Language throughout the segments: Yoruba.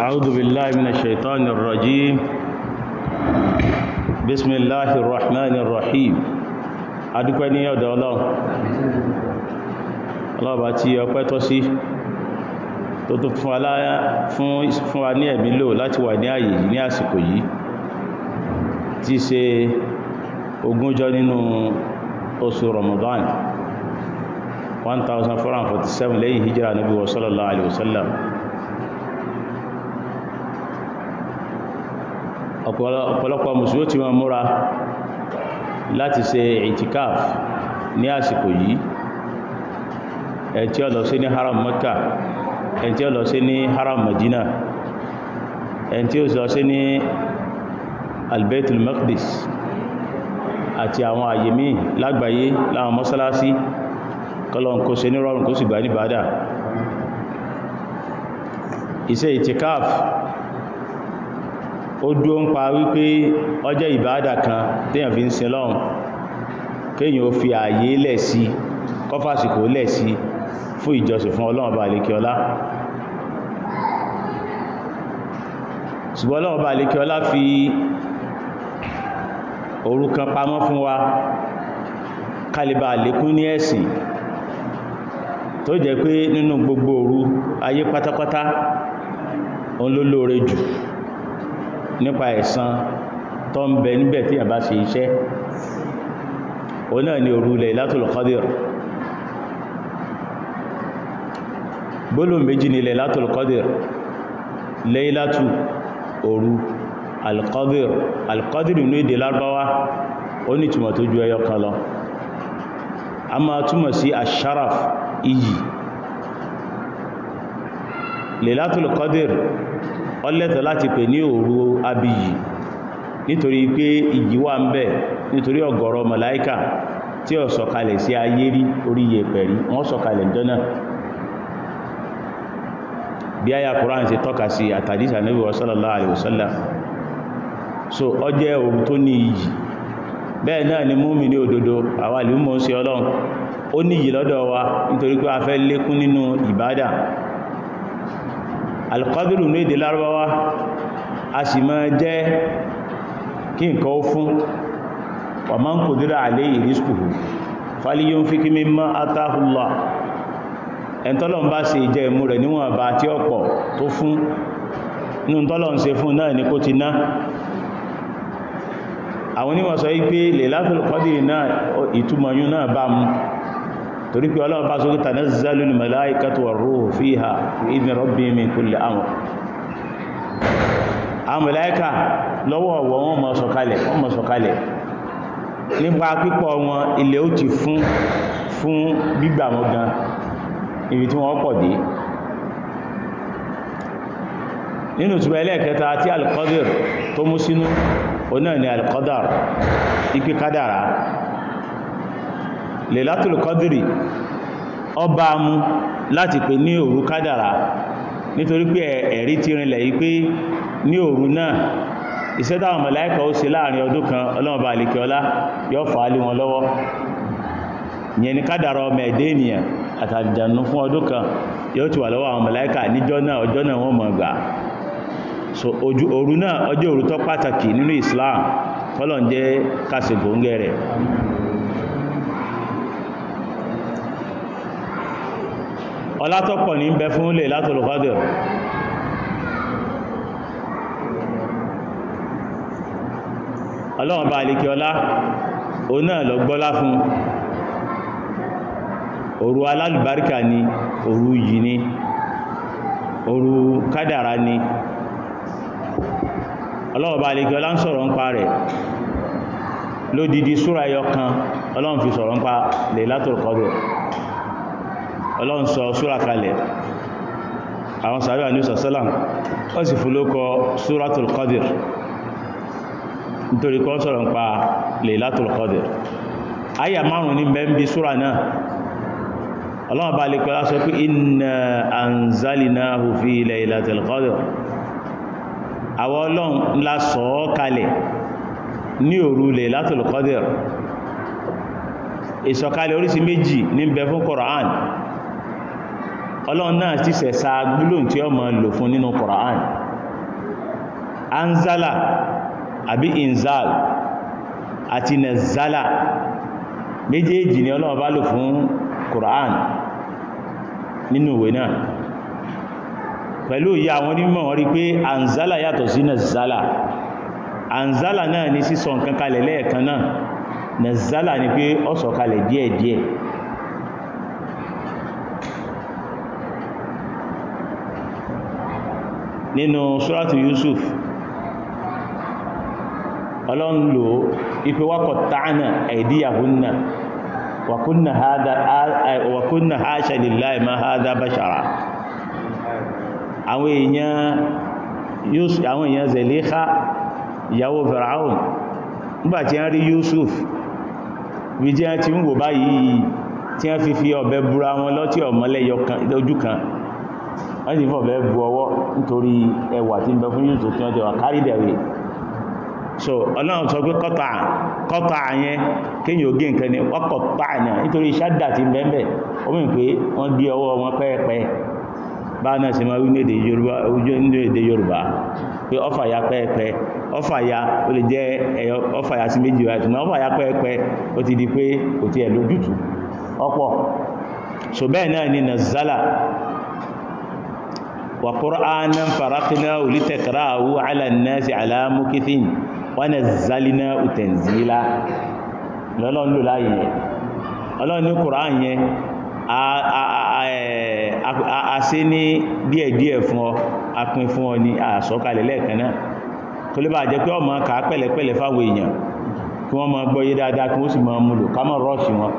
أعوذ بالله من الشيطان الرجيم بسم الله الرحمن الرحيم adúpẹ́ ní ọ̀dọ̀ ọlọ́run ọlọ́ọ̀bá tí ọpẹ́ tọ́ sí tó tó fún wa ní ẹ̀mí lò láti wà ní ààyè ní àsìkò yìí tí ṣe ogúnjọ́ nínú oṣù Ramadan 1447 lẹ́yìn hijira nabi wa sallallahu alaihi wasallam ọ̀pọ̀lọpọ̀ mùsùlùmí ti máa múra láti ṣe itikaf ní àsìkò yìí ẹ̀ tí ó lọ sí ní haram Mecca ẹ̀ tí ó lọ sí ní haram Medina ẹ̀ tí ó lọ sí ní albaitul maqdis àti àwọn àyè míì lágbàáyé láwọn mọ́sálásí kọlọ̀n kó ní rọrùn kó sì gbà ní bàdà ó dúó ń pa wípé ọjọ́ ìbáadà kan téèyàn fi ń sin lọ́hùn kéèyàn ó fi ààyè lẹ̀ sí kọfàsìkò lẹ̀ sí fún ìjọsìn fún ọlọ́run bá lékè ọlá ṣùgbọ́n ọlọ́run bá lékè ọlá fi òru kan pamọ́ fún wa kálíbà lékún ní ẹ̀sìn tó jẹ́ pé nínú gbogbo òru ayé pátápátá òun ló lóore jù nípa ẹ̀san tó ń bẹ níbẹ̀ tí a bá ṣe iṣẹ́ o náà ni òru Laylatul Qadr gbólóhùn méjì ni Laylatul Qadr Laylatu òru Al-Qadr Al-Qadr inú èdè Lárúbáwá ó ní túmọ̀ tó ju ẹyọ kan lọ a máa túmọ̀ sí asharaf iyì Laylatul ọlẹ́tọ̀ láti pè ní òru abiyì nítorí pé ìjì wà ń bẹ̀ nítorí ọ̀gọ̀rọ̀ màláíkà tí ọ sọ̀kalẹ̀ sí ayé rí orí wọ́n sọ̀kalẹ̀ jọ́nà bí ayà Kùránì tọ́ka sí àtàdísà Ànábì so jẹ́ òru tó ní iyì bẹ́ẹ̀ náà ni òdodo wa nítorí pé a fẹ́ lékún alkọ́dùrù ní èdè lárúbáwá a sì máa jẹ́ kí nǹkan ó fún wa man qudira alayhi rizquhu falyunfiq mimma atahu Allah ẹn tọ́lọ̀ ń bá ṣe ìjẹ ìmú rẹ̀ níwọ̀n bá tí ọ̀pọ̀ tó fún inú tọ́lọ̀ ń fún náà ní kó ti ná àwọn onímọ̀ sọ wípé Lailatul Qadr náà ìtumọ̀ náà bá mú torí pé ọlọ́run bá sókè tanazzalu al-malaikatu war-ruhu fiha bi'izni rabbihim min kulli amr àwọn màláíkà lọ́wọ́ ọ̀wọ́ wọn mọ̀ sọ̀kalẹ̀ wọn mọ̀ sọ̀kalẹ̀ nípa pípọ̀ wọn ilẹ̀ ó ti fún fún gbígbà wọn gan ibi tí wọ́n pọ̀ dé nínú ìtumọ̀ ẹlẹ́ẹ̀kẹta tí al tó mú sínú onáà ni al ipi kádàrá lèlátùlù kọ́dìrì ọba mú láti pè ní òru kádàrà nítorí pé ẹ̀rí ti rinlẹ̀ yí pé ní òru náà iṣẹ́ táwọn màláíkà ó se láàrin ọdún kan ọlọ́ọ̀bà àlèkẹ́ọlá yóò fà á lé wọn lọ́wọ́ ìyẹn ni kádàrá ọmọ ẹ̀dẹ́ ènìyàn àtàjànú fún ọdún kan yóò ti wà lọ́wọ́ àwọn màláíkà níjọ́ náà ọjọ́ náà wọ́n mọ̀ gbà so ojú òru náà ọjọ́ òru pàtàkì nínú Islam kọ́lọ̀ ń jẹ́ ọlátọ́pọ̀ ní bẹ fún lè látòlù kọ́dìr ọlọ́run bá alikẹ ọlá òun náà lọ gbọ́lá fún òru alálùbáríkà ni òru yìí ni òru kádàrá ni ọlọ́run bá alikẹ ọlá ń sọ̀rọ̀ ń pa rẹ̀ lódìdí súra ẹyọ kan ọlọ́run fi sọ̀rọ̀ ń pa lè látòlù kọ́dìr ọlọ́run sọ súra kalẹ̀ àwọn sàárẹ́ àníṣà sálàm ó sì fún ló kọ súratul qadir nítorí kọ́ sọ̀rọ̀ ń pa laylatul qadir ayà márùn ní bẹ́m̀bí súra náà ọlọ́run bá lè kọ́ lásọ pé inna anzalnahu fi laylatil qadir àwọn ọlọ́run ńlá sọ kalẹ̀ ní òru laylatul qadir ìsọ̀kalẹ̀ oríṣi méjì ní bẹ fún Qur'an ọlọ́run náà ti sẹ̀sà gbólóhùn tí ó ma lò fún nínú Koran: anzala àbí inzal àti nazala méjèèjì ni ọlọ́run bá lò fún Koran: nínú ìwé náà pẹ̀lú ìyá àwọn onímọ̀ wọ́n rí pé anzala yàtọ̀ sí nazala anzala náà ni sísọ nǹkan kalẹ̀ lẹ́ẹ̀kan náà Nezala ni pé sọ kalẹ̀ díẹ̀díẹ̀ nínú ṣúrátù Yusuf ọlọ́nlò ipé wákọ̀ tààna àìdíyàhúnnà wàkúnnà haṣà lillahi ma haza bashara àwọn èèyàn Zẹ̀lẹ́ká ìyàwó Fir'aun nígbàtí a rí Yusuf wíjẹ́ ti ń wò báyìí tí a fi fi ọ̀bẹ búra wọn lọ́tí ọmọlẹ́yọ ojú kan wọ́n sì fọ̀bẹ́ bu ọwọ́ nítorí ẹwà tí ń bẹ fún Yusuf tí wọ́n ti wà kárí so ọlọ́run sọ pé kọ́ta kọ́ta kéyìn ògé nǹkan ni wọ́n kọ̀ta nítorí ti bẹ́ẹ̀ ó mìn pé wọ́n gé ọwọ́ wọn pẹ́ẹ̀pẹ́ bá náà sì máa wí ní èdè Yorùbá pé ọfàyà pẹ́ẹ̀pẹ́ ọfàyà ó lè jẹ́ ẹ̀yọ ọfàyà sí méjì wáyé ọfàyà pẹ́ẹ̀pẹ́ ó ti di pé kò so bẹ́ẹ̀ náà ni وقرآنا فرقناه لتقرأه على الناس على مكث ونزلناه تنزيلا lọ́lọ́run ló láyé yẹn ọlọ́run ní kùrán yẹn a ṣe ní díẹ̀díẹ̀ fún ọ apin fún ọ ní àsọ̀kalẹ̀ lẹ́ẹ̀kan náà tó lè bá jẹ́ pé ọmọ kàá pẹ̀lẹ̀pẹ̀lẹ̀ fáwọn èèyàn kí wọ́n máa gbọ́yé dáadáa kí wọ́n sì máa múlò ká mọ̀ rọ́ọ̀ṣì wọn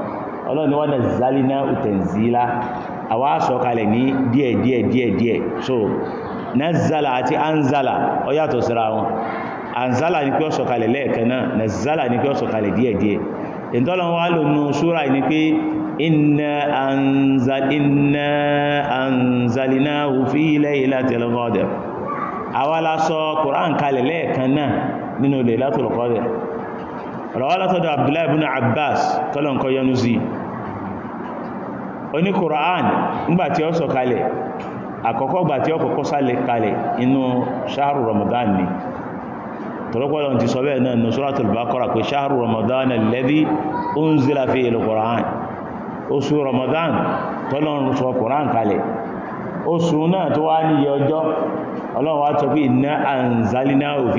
ọlọ́run ni wọ́n dẹ̀ zálínà òtẹ̀nzílá àwa sọ̀kalẹ̀ ní díẹ̀ díẹ̀ díẹ̀ díẹ̀ so nazala àti anzala ó yàtọ̀ síra wọn anzala ni pé ó sọ̀kalẹ̀ lẹ́ẹ̀kan náà nazala ni pé ó sọ̀kalẹ̀ díẹ̀ díẹ̀ ìtọ́lọ̀ wá lò nù súra ni pé inna anzalnahu fi laylatil qadr la sọ Qur'an kalẹ̀ lẹ́ẹ̀kan náà nínú laylatul qadr rọ̀wọ́látọ́dọ̀ Abdullahi ibn Abbas kọlọ̀nkọ́ yọnu sí oní Qur'an nígbàtí ó sọ kalẹ̀ àkọ́kọ́ gbàtí ó kọ́kọ́ sálẹ̀ kalẹ̀ inú ṣáàrù Ramadan ni tọ́lọ́pọ̀lọ́ ti sọ bẹ́ẹ̀ náà Suratul Baqara pé ṣáàrù Ramadan alladhi unzila fihi al-Qur'an oṣù Ramadan tọ́lọ́run sọ Qur'an kalẹ̀ oṣù náà tó wá níye ọjọ́ Ọlọ́run wá sọ pé inna anzalnahu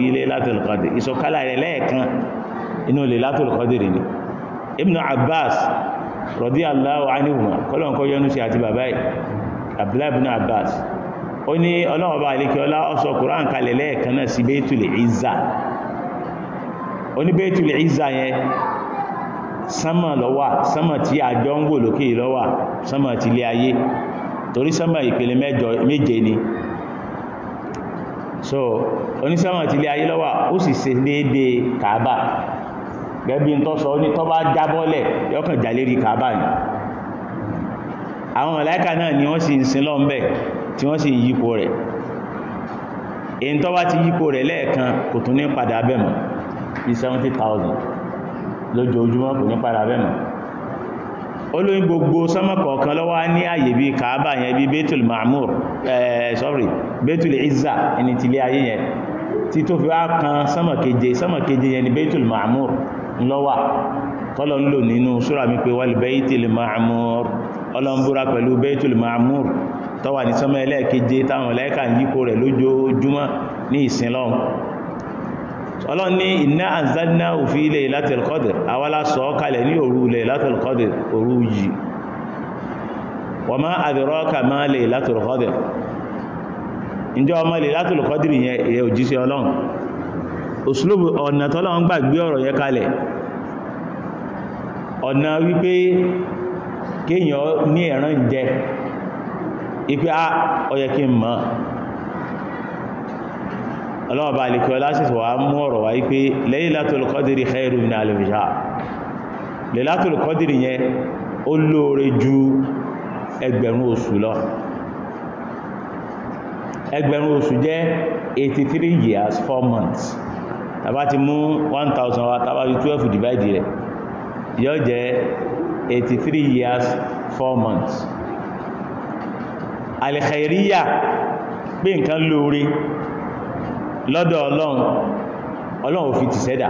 Ibn Abbas rọ̀dí aláwọ̀ ánìwò kọ́lọ̀nkọ́ yọ́nú sí àti bàbá ẹ̀ Abdullah ibn Abbas ó ní ọlọ́wọ́ bá ilé kí ọlá ọsọ Kùrán kalẹ̀ lẹ́ẹ̀kan náà sí Baitul Izza ó ní Baitul Izza yẹn sánmà lọ́wà sánmà tí àjọ ń wò lókè lọ́wà sánmà ti ilé ayé torí sánmà ìpele méje ni so onísánmà ti ilé ayé lọ́wà ó sì ṣe déédéé Kaaba gẹ́bí ń tọ́sọ ní tọ́ bá jábọ́lẹ̀ yọ́kàn jàlérí kàábà ní àwọn màláíkà náà ni wọ́n sì ń sin lọ́m̀bẹ̀ tí wọ́n sì ń yípo rẹ̀ èyí tọ́ bá ti yípo rẹ̀ lẹ́ẹ̀kan kò tún ní padà bẹ̀mọ̀ bí 70,000 lójoojúmọ́ kò ní padà bẹ̀mọ̀ olóyìn gbogbo sánmà kọ̀ọ̀kan lọ́wọ́ ní àyè bí kàábà yẹn bí betul mahmur eh, sorry betul izza ẹni tilé ayé yẹn tí tó fi wá kan sánmà keje yẹn ni betul mahmur lọ́wà tọ́lọ ń lò nínú súra mi pé wal baytil ma'mur ọlọ́mbúra pẹ̀lú baytul ma'mur tọ́wà ní sánmà ẹlẹ́ẹ̀keje táwọn ẹlẹ́ẹ̀kà ń yípo rẹ̀ lójoojúmọ́ ní ìsìn lọ́hùn ọlọ́run ní inna anzalnahu fi laylatil qadr awala sọ kalẹ̀ ní òru laylatil qadr òru yìí wa ma adraka ma laylatil qadr òṣìlóbù ọ̀nà tọ́lá ń gbàgbé ọ̀rọ̀ yẹ kalẹ̀ ọ̀nà wípé kéèyàn ní ẹ̀rán jẹ ipé a ah, ọyẹ kí n mọ́ ọlọ́ọ̀bá alìkọ́ lásìsọ̀ wá mú ọ̀rọ̀ wá wípé Laylatul Qadri khairu min alfi shahr Laylatul yẹn ó lóore ju ẹgbẹ̀rún oṣù lọ ẹgbẹ̀rún oṣù jẹ́ 83 years 4 months tàbá ti mú 1000 wa tàbá ju 12 divide rẹ̀ yóò jẹ́ 83 years 4 months alìkẹ̀ríyà pé nǹkan lóore lọ́dọ̀ ọlọ́run ọlọ́run òfin ti sẹ́dà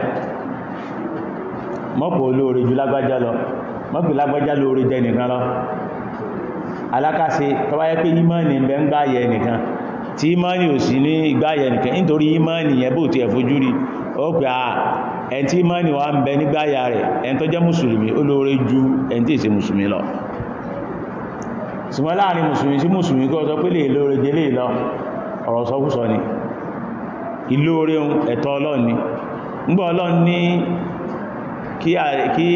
mọ́pọ̀ olóore ju lágbájá lọ mọ́pọ̀ lágbájá lóore jẹ́ nìkan lọ alákàṣe tọ́wáyé pé ìmọ́ni ń bẹ ń gbáyẹ nìkan tí ìmọ́ni ò sí ní ìgbáyẹ nìkan nítorí ìmọ́ni yẹn ti ẹ̀fojú rí ó pé à ah, ẹn tí mọ́ni wà ń bẹ nígbàyà rẹ̀ ẹn tó jẹ́ mùsùlùmí ó lóore ju ẹn tí ìṣe mùsùlùmí lọ ṣùgbọ́n láàrin mùsùlùmí sí mùsùlùmí kó sọ pé lè lóore délé lọ ọ̀rọ̀ sọkúsọ ni ìlóore ẹ̀tọ́ ọlọ́ni ni ọlọ́ni ní kí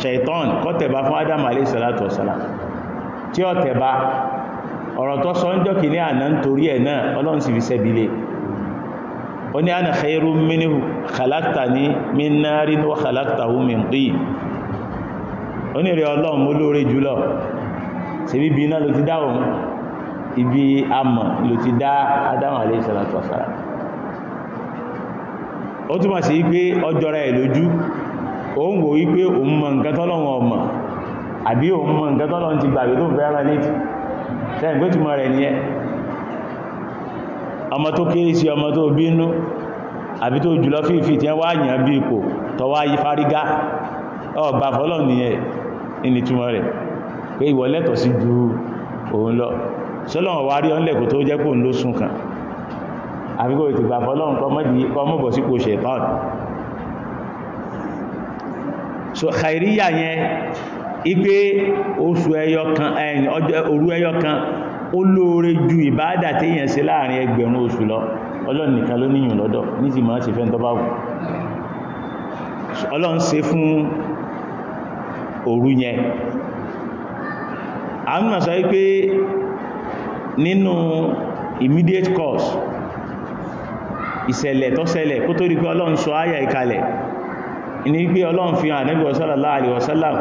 ṣẹ̀tọ́n ọ̀rọ̀ tó sọ ń jọ́kì ní àná nítorí ẹ̀ náà ọlọ́run sì fi sẹ́bi ó ní ana khairun minhu khalaqtani min narin wa khalaqtahu min tin ó ní rẹ̀ ọlọ́run olóore jùlọ ṣe bíbi iná ló ti dá òun ibi amọ̀ ló ti dá Ádámù alayhi salatu wassalam ó túnmọ̀ sí wípé ọjọ́ rẹ̀ lójú òun wò wípé òun mọ nǹkan tọ́lọ́run ọmọ àbí òun mọ nǹkan tọ́lọ́run ti gbàgbé tó fẹ́ràn létí sẹ́yìn pé túnmọ̀ rẹ̀ nìyẹn ọmọ tó kéré sí ọmọ tó bínú àbí tó jùlọ fífì tí wá yàn bí ipò tọwá yí fárígá ọgbà fọ́lọ̀ nìyẹn ìnìtumọ̀ rẹ̀ pé ìwọ lẹ́tọ̀ sí ju òun lọ sọ́lọ̀wọ̀n wá rí tó jẹ́ kóun ló sùn so kàìríyà yẹn ipé oṣù ẹyọ kan òru ẹyọ ó lóore ju ìbáadà tí èyàn ṣe láàrin ẹgbẹ̀rún oṣù lọ ọlọ́run nìkan ló níyìn lọ́dọ̀ ní ti máa ṣe fẹ́ tó bá wù ọlọ́run ṣe fún òru yẹn àwọn mọ̀ sọ wípé nínú immediate cause ìṣẹ̀lẹ̀ tó ṣẹlẹ̀ kó tó rí pé ọlọ́run sọ áyà ìkalẹ̀ ní pé ọlọ́run fi hàn ànábì sallallahu alaihi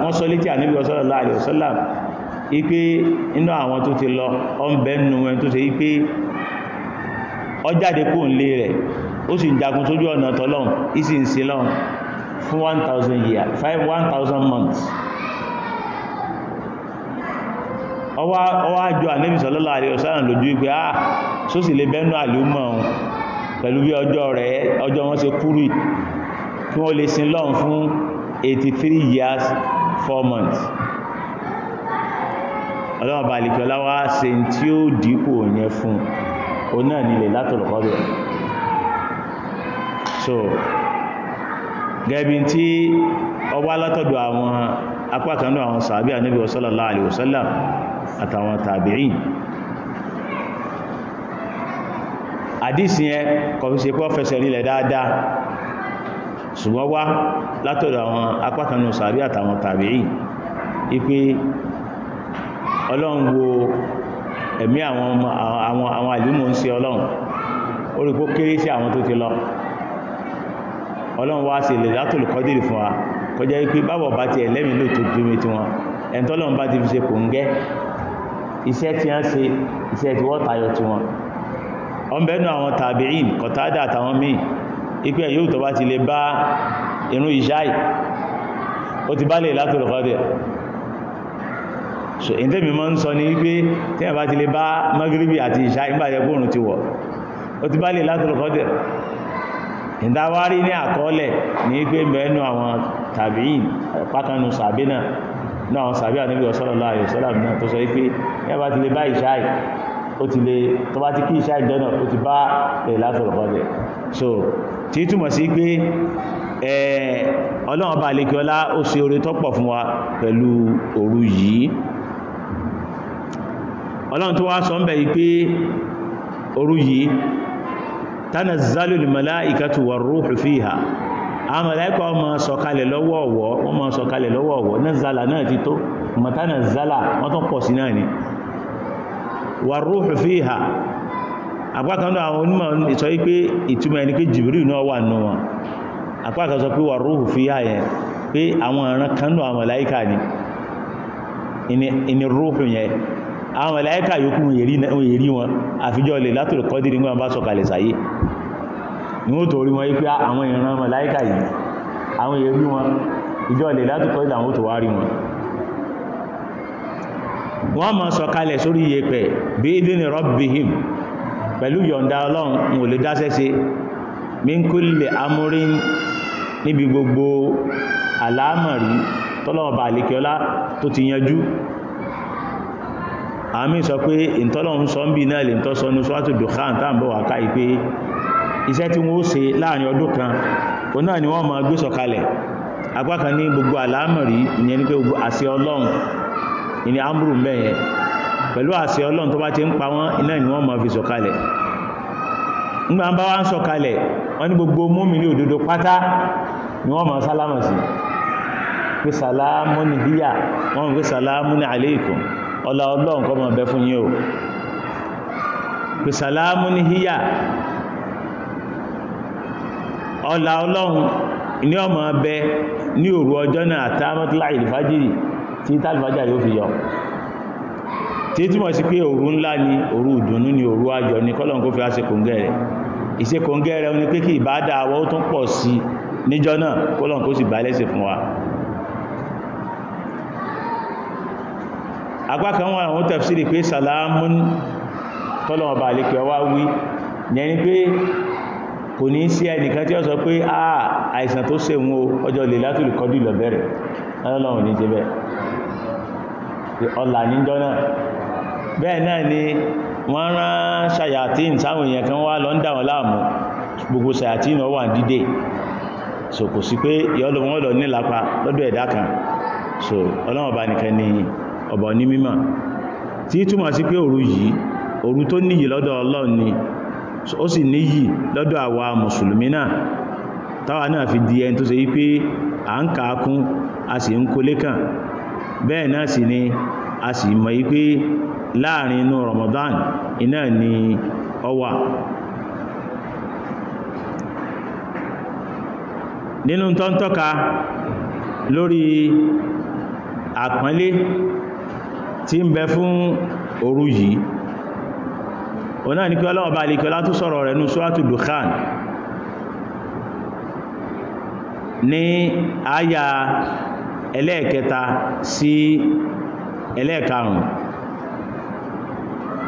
wọ́n sọ létí ànábì sallallahu alaihi ipé inú àwọn tó ti lọ ọmọbẹ̀ nínú ẹni tó ṣe wípé ọjáde kó ń lé rẹ̀ ó sì ń jagun sójú ọ̀nà tọ́lọ́n ìsì ń sí lọ́n fún 1000 year 5000 months ọwá jọ ànẹ́bì sọ́lọ́lá àríọ̀ sáàrùn lójú wípé ah só sì lè bẹ́nu àlúmọ̀ ohun pẹ̀lú bí ọjọ́ rẹ̀ ọjọ́ wọn ṣe kúrì kí wọ́n lè sin lọ́n fún 83 years 4 months ọlọ́wọ́ bá lè jọlá wá ṣe tí ó dípò yẹn fún o náà nílẹ̀ látọ̀rọ̀ kọ́dọ̀ so gẹ́bí tí ọwá látọ̀dọ̀ àwọn apákanú àwọn sàábí ànábì sallallahu alaihi wasallam àtàwọn tàbíìn àdísì yẹn kọfíṣe pọ́ fẹsẹ̀ nílẹ̀ dáadáa ṣùgbọ́n wá látọ̀dọ̀ àwọn apákanú sàábí àtàwọn tàbíìn ipe ọlọ́run wo ẹ̀mí àwọn àlúmọ̀ ń ṣe ọlọ́run orípó kéré sí àwọn tó ti lọ ọlọ́run wá sí ilẹ̀ látòlù kọ́dìrì fún wa kọjá wípé bábọ̀ bá ti ẹ̀lẹ́mì ló tó gbé tí wọn ẹ̀ntọ́lọ́run bá ti fi ṣe kò ń gẹ́ iṣẹ́ tí wọ́n ṣe iṣẹ́ tí wọ́n tayọ tí wọn ọmọbẹ́nu àwọn tàbíìn kọ̀tádà àtàwọn míì ipẹ́ yóò tó bá ti lè bá irun ìṣáì ó ti bá lè látòlù so in tẹ́mi mọ́ ń sọ ní wípé tí ẹ̀bá ti lè bá magribi àti ìṣá ìgbàjẹ́ kóòrùn ti wọ̀ ó ti bá lè látọ̀rọ̀ kọ́dẹ̀ ìdáwárí ní àkọọ́lẹ̀ ní wípé mẹ́nu àwọn tàbíyìn pátánu sàbínà náà àwọn sàbí àníbi sallallahu alaihi wasallam na tó sọ wípé ẹ̀bá ti lè bá ìṣá ó ti lè tó bá ti kí ìṣá ìjọ́nà ó ti bá lè látọ̀rọ̀ kọ́dẹ̀ so tí túmọ̀ sí pé e, ọlọ́run ọba àlekíọlá ó ṣe oore tọ́pọ̀ fún wa pẹ̀lú òru yìí ọlọ́run tó wá sọ ń bẹ̀ yí pé òru yìí tanazzalu al-mala'ikatu war-ruhu fiha àwọn màláíkà ọmọ sọ̀kalẹ̀ lọ́wọ́ ọ̀wọ́ wọ́n mọ sọ̀kalẹ̀ lọ́wọ́ ọ̀wọ́ nazala náà ti tó mọ̀tánà zala wọ́n tó pọ̀ sí náà ni war-ruhu fiha apákan náà àwọn onímọ̀ sọ wípé ìtumọ̀ ẹni pé Jibril náà wà nù wọn apákan sọ pé war-ruhu yẹn àwọn màláíkà yòókù èrí wọn àfijọ́ lè látòrò kọ́ dìrí wọn bá sọ̀kalẹ̀ sáyé ní ó torí wọn wípé ah, àwọn ìran màláíkà yìí àwọn èrí wọn ìjọ lè látòrò kọ́ dìrí àwọn tó wá rí wọn wọ́n máa sọ̀kalẹ̀ sórí yẹ̀pẹ̀ bí ìdí ni rọ́bìhìm pẹ̀lú yọ̀ǹda ọlọ́run wọn ò lè dáṣẹ́ṣe mínkúlẹ̀ amúrin níbi gbogbo àlámọ̀rí tọ́lọ́ọ̀bà àlèkẹ́ọ́lá tó ti yanjú àmì sọ pé ìntọ́lọ́run sọ ń bí náà lè tọ́ sọnú sọ́tù dùkán tàbí wà káì pé iṣẹ́ tí wọ́n ṣe láàrin ọdún kan o náà ni wọ́n máa gbé sọ̀kalẹ̀ apákan ní gbogbo àlámọ̀rí ìyẹn ní pé gbogbo àṣẹ ọlọ́run ìní amúrù mẹ́yẹ pẹ̀lú àṣẹ ọlọ́run tó bá ti ń pa wọ́n iná ni wọ́n máa fi sọ̀kalẹ̀ nígbà bá wá ń sọ̀kalẹ̀ wọ́n ní gbogbo mùmínì òdodo pátá ni wọ́n máa sálámà sí pé sàlámù ní híyà wọ́n pé sàlámù ní àléèkùn ọlá ọlọ́run kọ́ mọ̀ bẹ fún yín o pè sàlámù ní híyà ọlá ọlọ́run ní ọmọ bẹ ní òru ọjọ́ náà àtàmọ́tílá ìlúfájìrì tí tàbífájà yóò fi yọ tí túnmọ̀ sí pé òru ńlá ni òru ìdùnnú ni òru ayọ̀ ni kọ́lọ̀n kó fi aṣe kòǹgẹ́ rẹ̀ ìṣe kòǹgẹ́ rẹ̀ ní pé kí ìbádà àwọ́ pọ̀ sí níjọ́ náà kọ́lọ̀n kó sì bá lẹ́sẹ̀ fún wa agbákan wọn àwọn tafsiri pé salamun tọ́lọ̀wọ̀ bá lè pẹ̀wà wí yẹni pé kò ní sí ẹnìkan tí ó sọ pé àà àìsàn tó ṣe wọn ọjọ́ lè látòlù kọjú lọ ni wọ́n rán ṣàyàtín sáwọn èèyàn kan wá lọ ń dà wọn so kò sí pé ìyọ́lọ́wọ́n lọ nílapa lọ́dọ̀ ẹ̀dá kan so ọlọ́wọ̀n bá nìkan ni ọ̀bọ̀ ní mímọ̀ tí túmọ̀ sí pé òru yìí òru tó níyì lọ́dọ̀ Ọlọ́run ni ó sì níyì lọ́dọ̀ àwa mùsùlùmí náà táwa náà fi di ẹni tó ṣe wípé à ń kàákún a sì ń kólé kàn bẹ́ẹ̀ náà sì ni a sì mọ̀ wípé láàrin inú Ramadan iná ni ọ wà nínú tó lórí àpọ́nlé tí ń bẹ fún òru yìí o náà ní pé ọlọ́wọ́ bá alìkọ́lá tó sọ̀rọ̀ rẹ̀ ní ṣúwátù dukhan ní àyà ẹlẹ́ẹ̀kẹta sí ẹlẹ́ẹ̀karùn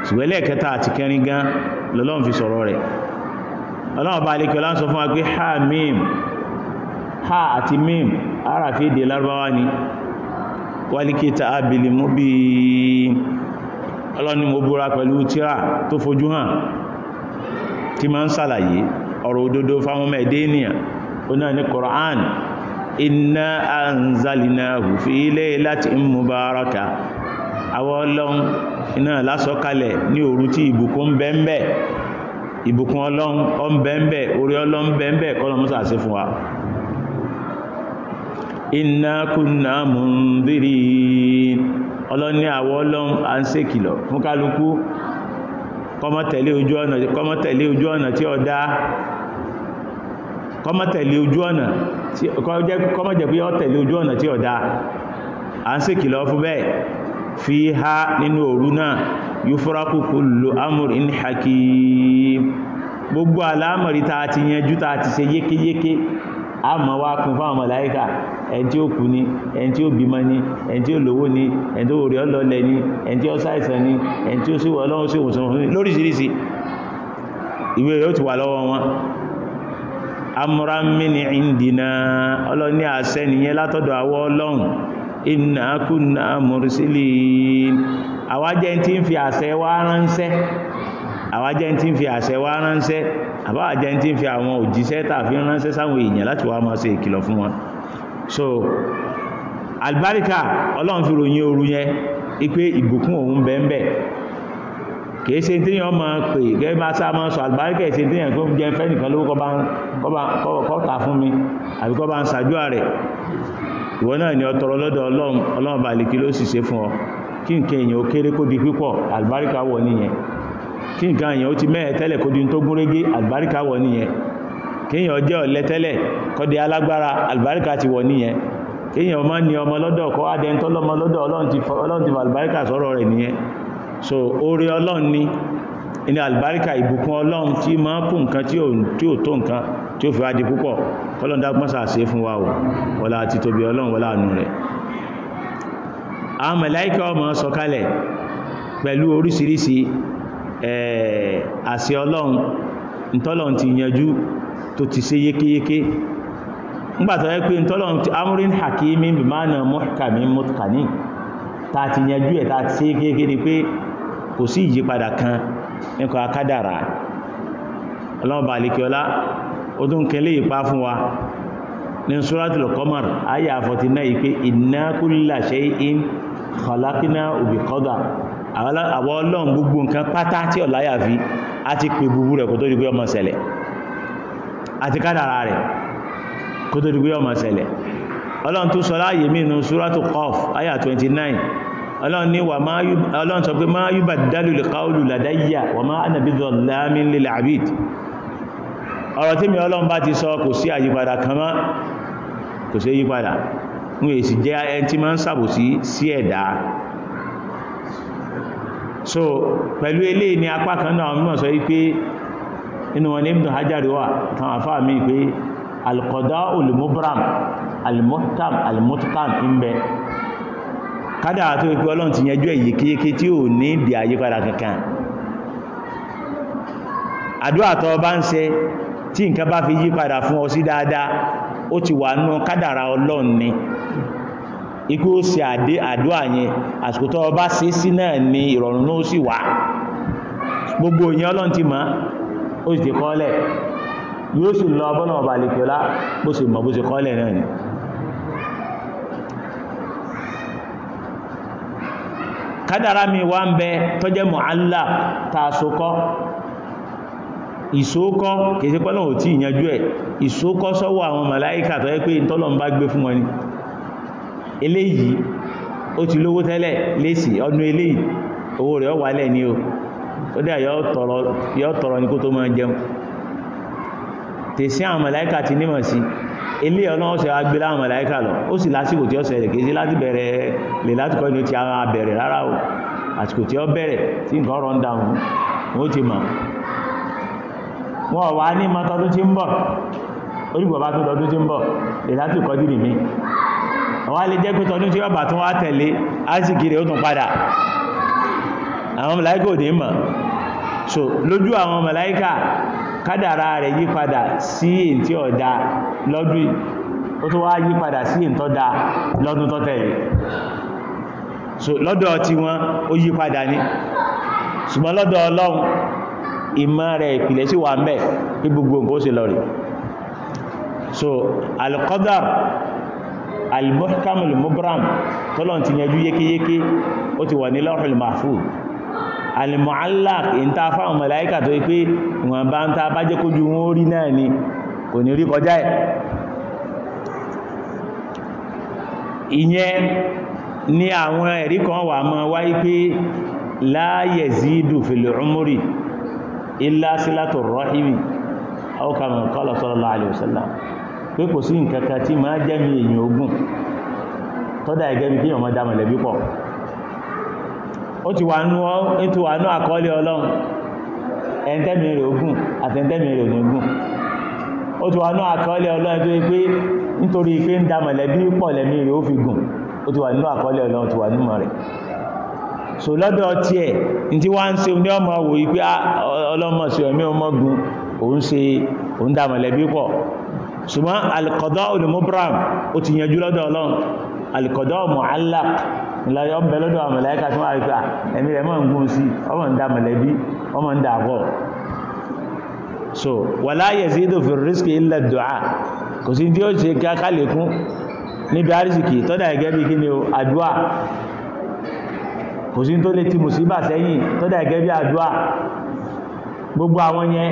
ṣùgbọ́n ẹlẹ́ẹ̀kẹta àti kẹrin gan lọ́lọ́n fi sọ̀rọ̀ rẹ̀ ọlọ́wọ́ bá alìkọ́lá sọ fún wa pé ha mim ha àti mim ara fi èdè lárúbáwá ni wálíkítà abìlì mú bí ọlọ́ni mo búra pẹ̀lú tíra tó fojú hàn tí ma ń sàlàyé ọ̀rọ̀ òdodo fáwọn mẹ́dẹ́nìyà ó náà ní Qur'an inna anzalnahu fi laylatin mubarakah àwọn ọlọ́run iná lásọ́kalẹ̀ ní òru tí ìbùkún bẹ́ẹ̀bẹ̀ ìbùkún ọlọ́run ọ̀bẹ̀ẹ̀bẹ̀ orí ọlọ́run bẹ́ẹ̀bẹ̀ kọ́lọ̀mọ́sà sí iná kúnnà mùndírí ọlọ́ni àwọ́ ọlọ́run a ń ṣèkìlọ̀ fún kálukú kọmọ́tẹ̀lé ojú ọ̀nà tí ó dá kọmọ́tẹ̀lé ojú ọ̀nà kọmọ́jẹ̀ pé ọ́tẹ̀lé ojú ọ̀nà tí ó dá a ń ṣèkìlọ̀ fún bẹ́ẹ̀ fi ha nínú òru náà yufraku kullu amrin hakim gbogbo a mọ̀ wá pín fáwọn màláíkà ẹni tí ó kú ni ẹni tí ó bímọ ni ẹni tí ó lówó ni ẹni tó rí ọlọ́lẹ̀ ni ẹni tí ó ṣàìsàn ni ẹni tí ó sì wọ́n sí òwòsàn ni lóríṣiríṣi ìwé rẹ̀ ti wà lọ́wọ́ wọn amúrámínì ìndìnà ọlọ́ní àṣẹ nìyẹn látọ̀dọ̀ àwọ ọlọ́run iná kùnà mùrùsílì àwájẹ́ tí ń fi àṣẹ wá ránṣẹ́ àwa jẹ́ tí ń fi àṣẹ wá ránṣẹ́ àbáwà jẹ́ tí ń fi àwọn òjíṣẹ́ tàbí ránṣẹ́ sáwọn èèyàn láti wá máa ṣe ìkìlọ̀ fún wọn so albarika ọlọ́run fi ròyìn òru yẹn ipé ìbùkún òun bẹ́ẹ̀bẹ̀ kìí ṣe tí yàn máa pè gẹ́gẹ́ bá sá máa sọ albarika ìṣe tí yàn kó jẹ fẹ́ nìkan lówó kọ́ta fún mi àbí kọ́ bá ń ṣàjúà rẹ̀ ìwọ náà ni ọtọrọ lọ́dọ̀ ọlọ́run lè kí ló sì ṣe fún ọ kí nǹkan èèyàn ó kéré kó di pípọ̀ albarika wọ̀ nìyẹn kí nǹkan èèyàn ó ti mẹ́ẹ̀ tẹ́lẹ̀ kó di tó gúnrégé àlùbáríkà wọ̀ nìyẹn kéèyàn jẹ́ ọ̀lẹ tẹ́lẹ̀ kó di alágbára àlùbáríkà ti wọ̀ nìyẹn kéèyàn ọmọ ní ọmọ lọ́dọ̀ kọ́ adẹ́ntọ́ lọ́mọ lọ́dọ̀ ọlọ́run ti fa àlùbáríkà sọ́rọ̀ rẹ̀ nìyẹn so oore ọlọ́run ni ní àlùbáríkà ìbùkún ọlọ́run tí máa kún nǹkan tí ò tó nǹkan tí ó fi wádi púpọ̀ kọ́lọ́n dágbọ́n sàṣe fún wa o wọ́lá àti tóbi ọlọ́run wọ́lá àánú rẹ̀ àwọn mẹ̀láìkà ọmọ sọ̀kalẹ̀ pẹ̀lú oríṣiríṣi Eh, àṣẹ ọlọ́run ìtọ́lọ̀n ti yanjú tó ti ṣe yékéyéké nígbàtọ̀ yẹ́ pé ìtọ́lọ̀n ti amúrin hakimi bí máa na mọ́kàmí ta ti yanjú ẹ̀ ta ti ṣe yékéyéké ni pé kò sí ìyípadà kan nípa akádàrà ọlọ́run bá alikiola ó tún kẹlẹ̀ ipa fún wa ní suratul Qamar ayà 49 pé inna kulla shay'in khalaqnahu àwọn ọlọ́run gbogbo nǹkan pátá tí ọ̀láyà fi a ti pè gbogbo rẹ̀ kò tó di pé ọmọ ṣẹlẹ̀ àti kádàrà rẹ̀ kò tó di pé ọmọ ṣẹlẹ̀ ọlọ́run tó sọ láàyè mínú súrátù Qaf ayà 29 ọlọ́run ní wà máa ọlọ́run sọ pé máa yúbà dálù lè káòlù làdáyà wà máa ànàbíjọ láàmín lè làbíd ọ̀rọ̀ tí mi ọlọ́run bá ti sọ kò sí so pẹ̀lú eléyìí ni apá kan náà mímọ̀ sọ wípé inú wọn ní Ibn Hajar wà kan àfáà mi pé al-qada'ul mubram al-muhkam al-mutqan ń bẹ kádà tó wípé ọlọ́run ti yanjú ẹ̀ yékéyéké tí ò ní ìdí àyípadà kankan àdúrà tó bá ń ṣe tí nǹkan bá fi yípadà fún ọ sí dáadáa ó ti wà nú kádàrà ọlọ́run ikú ó ṣe àdé àdúà yẹn àsìkò tó bá ṣe sí náà ni ìrọ̀rùn náà sì wá gbogbo ìyẹn ọlọ́run ti mọ̀ ó sì ti kọ́lẹ̀ yóò sì lọ bọ́nà ọba àlèkọ́lá bó ṣe mọ̀ bó ṣe kọ́lẹ̀ náà ni kádàrá mi wá ń bẹ tọ́jẹ́ mọ̀hálà tààsókọ́ ìsókọ́ kìí sí pẹ́lọ̀ ò tí ìyanjú ẹ̀ ìsókọ́ sọ́wọ́ àwọn màláíkà tọ́jẹ́ pé ìtọ́lọ̀ bá gbé fún wọn ni eléyìí ó ti lówó tẹ́lẹ̀ lésì ọdún eléyìí owó rẹ̀ wà lẹ́ ní o ó dẹ̀ yọ́ tọrọ ní kó tó máa jẹun tèsí àwọn ti nímọ̀ sí ilé ọ̀nà ọ̀sẹ̀ agbélá amalaika lọ ó sì lásìkò tí ó ṣẹlẹ̀ kìí sí láti bẹ̀rẹ̀ lè láti kọ́ inú ti o àsìkò tí ó bẹ̀rẹ̀ tí nǹkan rọ̀ ń da wọn ó ti mọ̀ wọn wà ní mọ́tọ́ tó ti ń bọ̀ orígbọ̀ bá tó lọ́dún tí ń bọ̀ lè láti wá lè jẹ́ pé tọdún tí ọba tún wá tẹ̀lé ásìkiri ó tún padà àwọn mọ̀láíkà ò dé mọ̀ so lójú àwọn mọ̀láíkà kádàrá rẹ̀ yí padà sí èyí tí ọ̀dá lọ́dún ó tó wá yí padà sí èyí tó dá lọ́dún tó tẹ̀lé so lọ́dọ̀ tí wọ́n ó yí padà ní ṣùgbọ́n lọ́dọ̀ ọlọ́run ìmọ̀ rẹ̀ ìpìlẹ̀ sí wà mẹ́ bí gbogbo nǹkan ó ṣe lọ rí so al al-muhkamul mubram tọ́lọ̀ ti yẹjú yékéyéké ó ti wà ní lawhul mahfuz al-muallaq ìta fáwọn màláíkà tó pé ìwọ̀n bá ń ta bá jẹ́ kójú wọn ó rí náà ni kò ní rí kọjá ẹ̀ ìyẹn ni àwọn ẹ̀rí kan wà mọ́ wáyé pé la yazidu fil pé kò sí nǹkan kan tí máa jẹ́mi èèyàn ogun tọ́dà ẹgẹ́ bí kíyàn mọ́ dá mọ̀lẹ́bí pọ̀ ó ti wà nú ètò wà nú àkọọ́lẹ̀ ọlọ́run ẹ̀ntẹ́mi rẹ̀ ogun àtẹ́ntẹ́mi rẹ̀ onígun ó ti wà nú àkọọ́lẹ̀ ọlọ́run tó pé nítorí pé ń da mọ̀lẹ́bí pọ̀ lẹ́mí rẹ̀ ó fi gùn ó ti wà nú àkọọ́lẹ̀ ọlọ́run ti wà mọ̀ rẹ̀ so lọ́dọ̀ ní wá ń ah, ṣùgbọ́n alìkọ̀dọ́ olùmúbram ó ti yanjú lọ́dọ̀ ọlọ́run alìkọ̀dọ́ mu'allaq ìlàyọ̀ ń bẹ lọ́dọ̀ àwọn mẹ̀lẹ́kà tí wọ́n ẹ̀mí rẹ̀ mọ́ so wala yazidu fi rizqi illa du'a kò sí tí ó ṣe kí a kálẹ̀kún níbi àrísìkì tọ́dà ẹ̀gẹ́ bí kí ni o àdúà kò tó lè ti mùsíbà sẹ́yìn tọ́dà ẹ̀gẹ́ bí àdúà gbogbo àwọn yẹn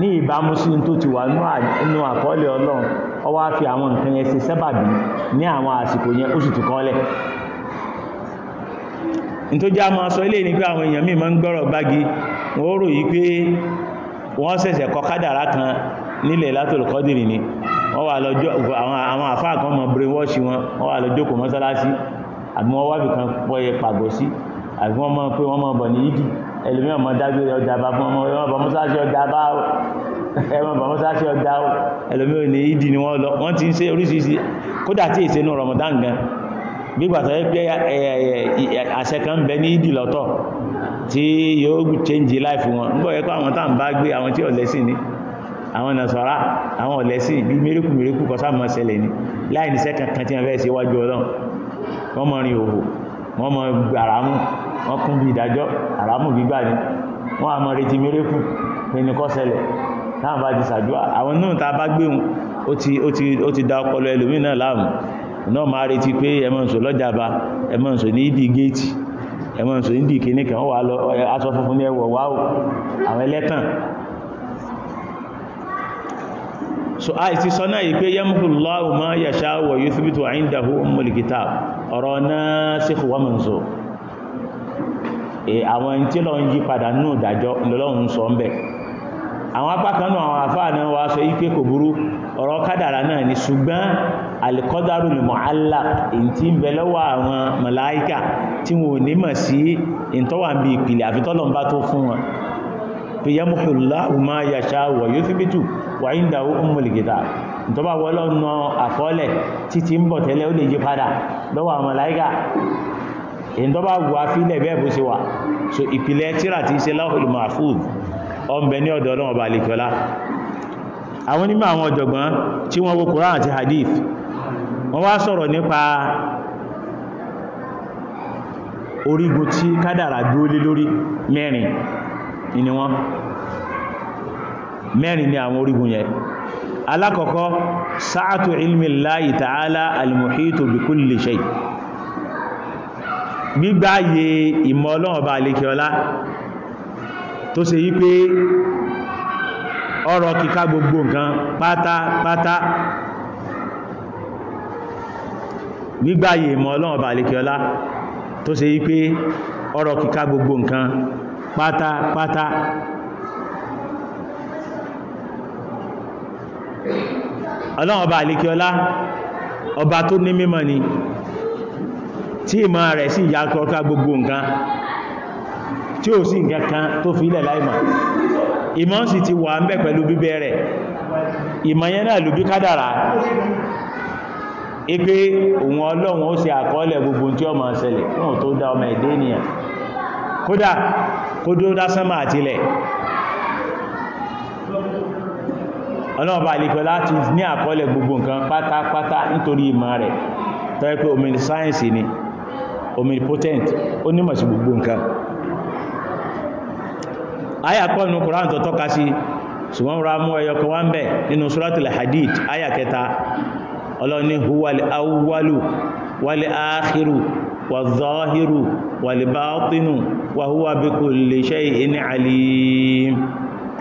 ní ìbámu sí tó ti wà nínú àkọọ́lẹ̀ ọlọ́run ó wá fi àwọn nǹkan yẹn ṣe sábàbí ní àwọn àsìkò yẹn ó sì tún kọ́lẹ̀ ní tó já máa sọ ilé ní pé àwọn èèyàn míì máa ń gbọ́rọ̀ gbági wọ́n rò yí pé wọ́n ṣẹ̀ṣẹ̀ kọ kádàrá kan nílẹ̀ látòlù ni wọ́n wà lọ́jọ́ àwọn àfáà kan mọ̀ brainwash wọn wọ́n wà lọ́jọ́ kò mọ́sálásí àbí wọ́n wábì kan pọ̀ yẹ pàgọ́ sí àbí wọ́n mọ̀ pé wọ́n mọ̀ bọ̀ ní yídì ẹlòmí ọmọ dágbére ọjà bá fún ọmọ ẹmọ bàmú sáṣẹ ọjà bá ó ẹmọ bàmú sáṣẹ ọjà ó ẹlòmí ò ní ìdí ni wọ́n lọ wọ́n ti ń ṣe oríṣiríṣi kódà tí èsè nù Ramadan gan bí gbàtọ̀ yẹ pé àṣẹ kan bẹ ní ìdí lọ́tọ̀ tí yóò change life wọn ń bọ̀ yẹ pé àwọn tá à ń bá gbé àwọn tí ọ̀lẹ́sìn ni àwọn nàṣọ́rá àwọn ọ̀lẹ́sìn bí mérékù mérékù kọsá mọ́ ṣẹlẹ̀ ni láì níṣẹ́ kankan tí wọ́n fẹ́ ṣe wájú Ọlọ́run wọ́n mọ̀ rin òhò wọ́n mọ̀ gbàrà mú wọ́n kún bí ìdájọ́ àràmù gbígbà ni wọ́n àmọ́ retí mérékù nínúkọ́ ṣẹlẹ̀ náà bá ti sàdúrà àwọn náà ta bá gbéhùn ó ti da ọpọlọ ẹlòmí náà láàmú náà máa retí pé ẹmọ́nsò lọ́jàba ẹmọ́nsò ní ìdí géètì ẹmọ́nsò ní ìdí kìíní kan wà lọ aṣọ funfun ní ẹwọ̀ wáwò àwọn ẹlẹ́tàn so a ti sọ náà yìí pé yamhullahu ma yasha wa yuthbitu 'indahu ummul kitab ọ̀rọ̀ náà sí kò wá àwọn tí lọ ń yí padà nínú ìdájọ́ lọ́lọ́run sọ ń bẹ̀ àwọn apákanú àwọn àfáà náà wá sọ ipé kò burú ọ̀rọ̀ kádàrà náà ni ṣùgbọ́n alìkọ́dárù lè mọ̀ alá èyí tí ń bẹ lọ́wọ́ àwọn màláíkà tí wọn ò ní mọ̀ sí ìntọ́wà bí ìpìlẹ̀ àfitọ́lọ̀ bá tó fún wọn tó yẹ mọ́kànlá ma yàṣá wọ̀ yóò fi bítù wà ń dà ó mọ̀lì gìtà ìntọ́bà wọ́lọ́nà àfọ́lẹ̀ títí ń bọ̀ tẹ́lẹ̀ ó lè yí padà lọ́wọ́ àwọn màláíkà èyí tó bá wù afílẹ̀ bẹ́ẹ̀ bó ṣe wà so ìpìlẹ̀ tíra ti ṣe Lawhul Mahfuz ọmọbẹ ní ọ̀dọ̀ ọlọ́wọ̀n bá lèkọ́lá àwọn onímọ̀ àwọn ọ̀jọ̀gbọ́n tí wọ́n wo Qur'an àti hadith wọ́n wá sọ̀rọ̀ nípa orígun tí kádàrà dúró lé lórí mẹ́rin ni wọ́n mẹ́rin ni àwọn orígun yẹn alákọ̀ọ́kọ́ sáàtù ilmi Allahi ta'ala al-muhitu bi kulli gbígbáyé ìmọ̀ ọlọ́run bá lékè ọlá tó ṣe wípé ọ̀rọ̀ kíká gbogbo nǹkan pátápátá gbígbáyé ìmọ̀ ọlọ́run bá lékè ọlá tó ṣe wípé ọ̀rọ̀ kíká gbogbo nǹkan pátápátá ọlọ́run bá ọlá ọba tó ní mímọ̀ ni tí ìmọ̀ rẹ̀ sí ya kọka gbogbo nǹkan tí ó sì nǹkan kan tó fi ilẹ̀ láìmọ̀ ìmọ̀ sì ti wà ń bẹ̀ pẹ̀lú bíbẹ̀ rẹ̀ ìmọ̀ yẹn náà ló bí kádàrá ipé òun ọlọ́run ó se àkọọ́lẹ̀ gbogbo tí ọmọ ṣẹlẹ̀ náà tó dá ọmọ ẹ̀dẹ́ ènìyàn kódà kó dó dá sánmà àtilẹ̀ láti ní àkọọ́lẹ̀ gbogbo nǹkan pátápátá nítorí ìmọ̀ rẹ̀ tọ́ pé omi ni omnipotent ó nímọ̀ sí gbogbo nǹkan aya kọ́ nínú Qur'an tó tọ́ka sí ṣùgbọ́n ra mú ẹyọ kan wá ń bẹ̀ nínú suratul hadid aya kẹta Ọlọ́hun ní huwal awwalu wal akhiru wàzọ́hírù wàlìbáọ́tínù wàhúwà bí kò lè ṣe ìní alim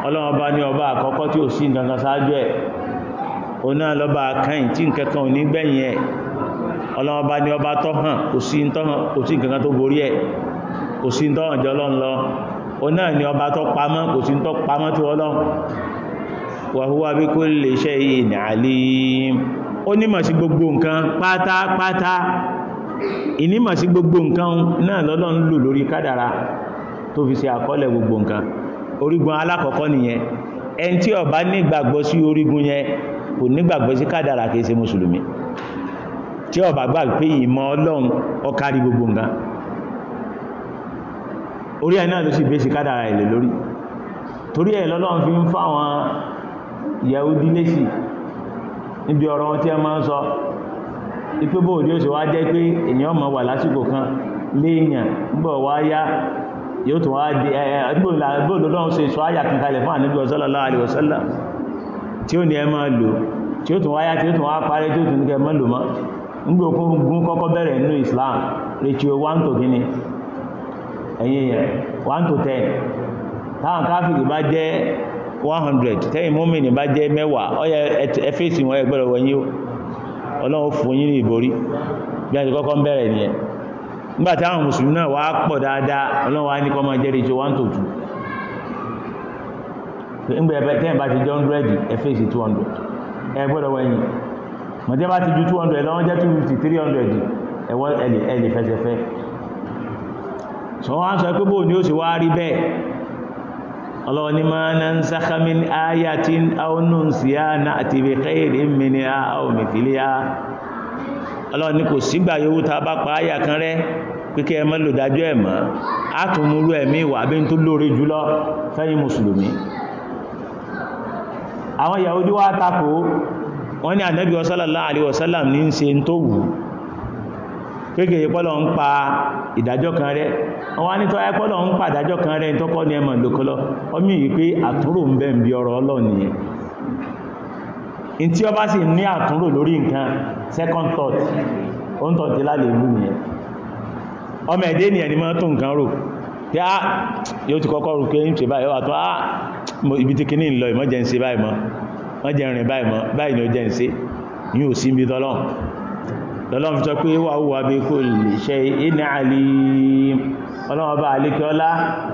ọlọ́ọba ní ọba àkọ́kọ́ tí ò sí nǹkan kan ṣáájú ẹ̀ o lọ́ba kan tí nǹkan kan ò ní gbẹ̀yìn ẹ̀ ọlọ́run bá ní ọba tọ́ hàn kò sí nǹkan tó borí ẹ̀ kò sí ń tọ́hàn jọ lọ́n lọ o náà ni ọba tọ́ pamọ́ kò sí ń tọ́ pamọ́ tí wọ́n lọ́n wa huwa bi kulli shay'in alim ó nímọ̀ sí gbogbo nǹkan pátápátá ìnímọ̀ sí gbogbo nǹkan náà lọ́lọ́n lò lórí kádàrá tó fi ṣe àkọọ́lẹ̀ gbogbo nǹkan orígun alákọ̀ọ́kọ́ nìyẹn ẹni tí ó nígbàgbọ́ sí orígun yẹn kò nígbàgbọ́ sí kádàrá kìí ṣe mùsùlùmí tí ọba gbà pé ìmọ̀ ọlọ́run ọkárí gbogbo nǹkan orí ẹ̀ náà ló sì bèèsì kádàrà ilẹ̀ lórí torí ẹ̀ lọ́lọ́run fi ń fáwọn yahudi lésì níbi ọ̀rọ̀ wọn tí ẹ máa ń sọ ipé bóòdí ó sì wá jẹ́ pé èèyàn máa wà lásìkò kan léèyàn gbọ́ wá yá yóò tún wá di ẹgbòlòlọ́run ṣe sọ áyà kan kalẹ̀ fún àníbí sallallahu alaihi wasallam tí ó ní ẹ máa lò tí ó tún wáyá tí ó tún wá parí tí ó tún ní kẹ mọ́ lò mọ́ nígbà ogun kọkọ bere nnu Islam ratio 1 gini ẹ̀yìn yẹn 1 to 10 táwọn káfíìkì bá jẹ́ 100 tẹ́yìn mọ́mìnì bá jẹ́ mẹ́wàá ọyẹ ẹfẹ́sì wọn ẹgbẹ́rẹ̀ wọ̀nyí ọlọ́run fún yín ní ìborí bí a ti kọ́kọ́ bẹ̀rẹ̀ nìyẹn nígbà tí àwọn mùsùlùmí náà wá pọ̀ dáadáa ọlọ́run wá ní kọ́ máa jẹ́ ratio 1 to 2 nígbà tẹ́yìn bá ti jẹ́ 100 200 wọ́n jẹ́ bá ti ju 200 lọ wọ́n jẹ́ 250 300 ẹ̀wọ́ ẹ̀lì fẹsẹ̀fẹ́ so wọ́n sọ pé bóò ni ó sì wá rí bẹ́ẹ̀ ọlọ́wọ́ ni máa na ń sáhámin ayati aunu siya na á tún múrú ẹ̀mí ìwà àwọn Yahudi wá takò wọ́n ní ànábì sallallahu alaihi ní ṣe ń tó wù kéèkéé pọ́lọ̀ ń pa ìdájọ́ kan rẹ̀ ọwá ní tọ́ pa ìdájọ́ kan rẹ̀ tọ́kọ́ ní ẹmọ̀ ìlòkọlọ ọmọ yìí pé àtúrò ń ń bí in tí bá sì ní àtúrò lórí nǹkan second thought lálẹ́ ìlú nìyẹn ọmọ ẹ̀dẹ́ máa nǹkan rò pé ah, yóò ti ah, ibi ń lọ wọ́n jẹ́ rìn báyìí mọ́ báyìí ni ó jẹ́ ìṣe ní ò sí ibi tọ́lọ́n lọ́lọ́n fi sọ pé wà wà bí kò lè ṣe iná àlè ọlọ́wọ́ bá alékẹ́ ọlá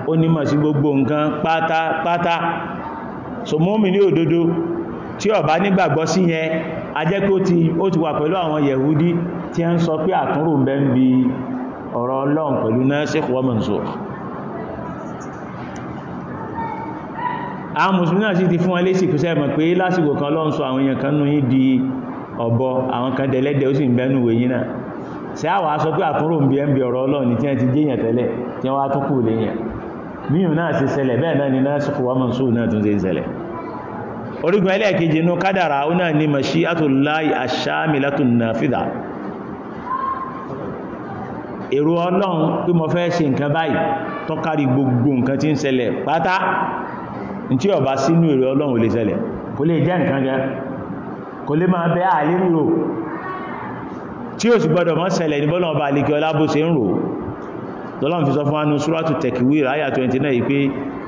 ó nímọ̀ sí gbogbo nǹkan pátápátá so mọ́mí ní òdodo tí ó bá nígbàgbọ́ sí yẹn a jẹ́ pé ó ti wà pẹ̀lú àwọn yẹ̀húdí tí ń sọ pé àtúnrò ń ń bi ọ̀rọ̀ ọlọ́run pẹ̀lú náà sí àwọn mùsùlùmí náà sì ti fún wọn lésì kò sẹ́mọ̀ pé lásìkò kan lọ́n sọ àwọn èèyàn kan nù yí di ọ̀bọ àwọn kan dẹ̀lẹ́dẹ̀ ó sì ń bẹ́nu wèyí náà ṣe àwà sọ pé àtúrò ń bí ẹ̀mí ọlọ́run pé mo fẹ́ ṣe nǹkan báyìí tọ́kárí gbogbo nǹkan tí ń ṣẹlẹ̀ pátá tí ọba sínú èrè ọlọ́run lè ṣẹlẹ̀ kò lè jẹ́ nǹkan gan kò lè máa bẹ́ ààlé rírò tí ó sì gbọ́dọ̀ mọ́ ṣẹlẹ̀ ní bọ́lọ̀ ọba àlekẹ́ ọlá bó ṣe ń rò lọ́lọ́run fi sọ fún anú súrátù tẹ̀kìwìr àyà 29 yìí pé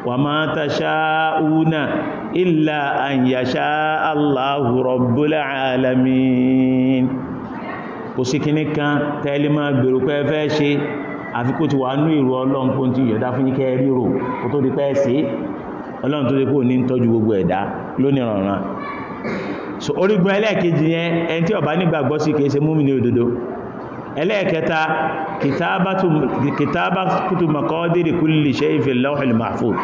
wà máa tasha'una illa an yasha Allahu rabbul alamin kò sí ọlọ́run tó lè kó ní tọ́jú gbogbo ẹ̀dá lónìí rọ̀ràn so orígun ẹlẹ́ẹ̀kejì yẹn ẹni tí ọba nígbàgbọ́ sí kìí ṣe múmi ní òdodo ẹlẹ́ẹ̀kẹta kìtàbà kútù maqadiri kulli shay fi lawhil mahfuz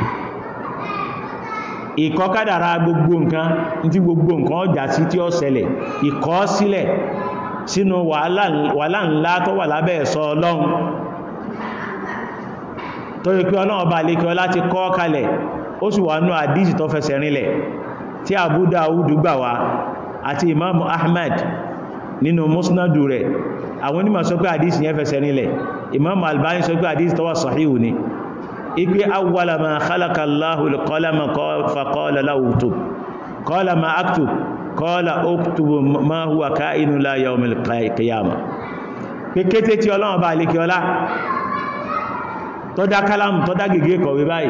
ìkọ́kádàra gbogbo nǹkan tí gbogbo nǹkan ọjà sí tí ó ṣẹlẹ̀ ìkọ́ sílẹ̀ sínú wàhálà ńlá tó wà lábẹ́ ẹ̀sọ́ ọlọ́run torí pé ọlọ́run ọba àlekẹ́ ọ láti kọ́ kalẹ̀ ó sì wà ní àdíjì tó fẹsẹ̀ rinlẹ̀ tí Abu Dawud gbà wá àti Imam Ahmad nínú musnadu rẹ̀ àwọn onímọ̀ sọ pé àdíjì yẹn fẹsẹ̀ rinlẹ̀ Imam Albani sọ pé àdíjì tó wà sahihu ni ipe awwala ma khalaqa Allahu al-qalama fa qala lahu uktub qala ma aktub qala uktubu ma huwa ka'inu gègé kọ̀wé báyìí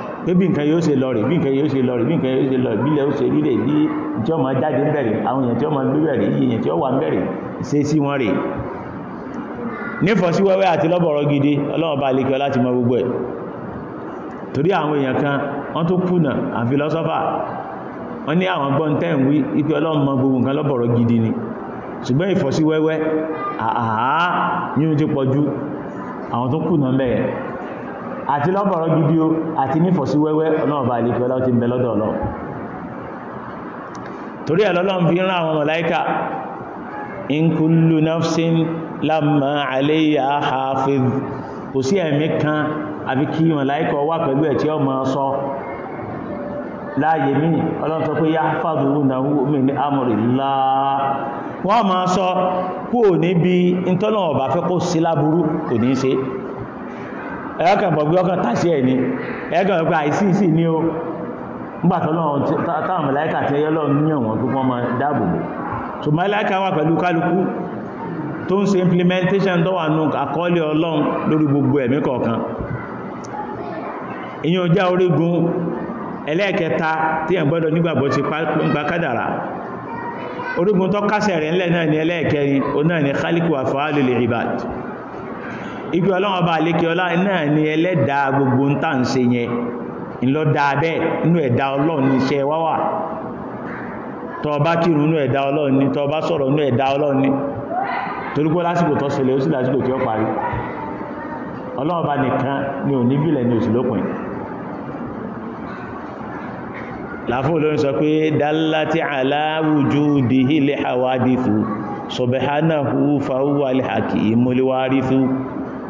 pé bí nǹkan yóò ṣe lọ rè bí nǹkan yóò ṣe lọ rè bí nǹkan yóò ṣe lọ rè bí ilẹ̀ ó ṣe rí rè bí tí ọmọ jáde ń bẹ̀rẹ̀ àwọn èèyàn tí ọmọ gbé bẹ̀rẹ̀ iye èèyàn tí ó wà ń bẹ̀rẹ̀ ṣe sí wọn rè nífọ̀sí wẹ́wẹ́ àti lọ́bọ̀rọ̀ gidi ọlọ́run bá lè kí ọ láti mọ gbogbo ẹ̀ torí àwọn èèyàn kan wọ́n tó kùnà àwọn fìlọ́sọ́fà wọ́n ní àwọn gbọ́n tẹ́ ń wí ipe ọlọ́run mọ gbogbo nǹkan lọ́bọ̀rọ̀ gidi ni ṣùgbọ́n ìfọ̀sí wẹ́wẹ́ àhàá yíò ti pọ̀jú àwọn tó kùnà bẹ́ẹ̀ àti lọ́bọ̀rọ̀ gidi o àti nífọ̀sí wẹ́wẹ́ ọlọ́run bá ilé pẹ́lá ti ń bẹ lọ́dọ̀ ọlọ́run torí ẹ̀ lọ́lọ́run fi rán àwọn mọ̀láíkà in kullu nafsin lamma alayha hafiz kò sí ẹ̀mí kan àfi kí mọ̀láíkà wà pẹ̀lú ẹ̀ tí ó máa sọ láàyè mí ọlọ́run sọ pé yahfazunahu min amrillah wọ́n máa sọ kúò níbi ìtọ́nà ọ̀bà fẹ́ kó sí láburú kò ní í ṣe ẹ̀ẹ́kàn bọ̀gbé ọkàn tàṣí ẹ̀ ni ẹ̀ẹ́kàn ọ̀pẹ́ àìsí ní o ńgbàtọ́lọ́run táwọn mẹ́láíkà tí ẹyọ́ lọ́run ní ọ̀wọ̀n tó wọ́n ma dáàbò bò so mẹ́láíkà wà pẹ̀lú kálukú tó ń ṣe implementation tó wà nù àkọọ́lẹ̀ ọlọ́run lórí gbogbo ẹ̀mí kọ̀ọ̀kan ìyẹn ọjà orígun ẹlẹ́ẹ̀kẹta tí ẹ̀ gbọ́dọ̀ nígbàgbọ́ ti kádàrà orígun tó kásẹ̀ rẹ̀ ńlẹ̀ náà ẹlẹ́ẹ̀kẹrin náà ibi ọlọ́run bá lékè ọlá náà ni ẹlẹ́dàá gbogbo ń tàn ṣe yẹn ńlọ dáa bẹ́ẹ̀ nínú ẹ̀dá ọlọ́run ní iṣẹ́ wá wà tọ́ kírun nínú ẹ̀dá ọlọ́run ní tọ́ sọ̀rọ̀ nínú ẹ̀dá ọlọ́run ní torí lásìkò tó ṣẹlẹ̀ ó sì lásìkò tí ó parí ọlọ́run nìkan ni ò níbìlẹ̀ ni lópin olórin sọ pé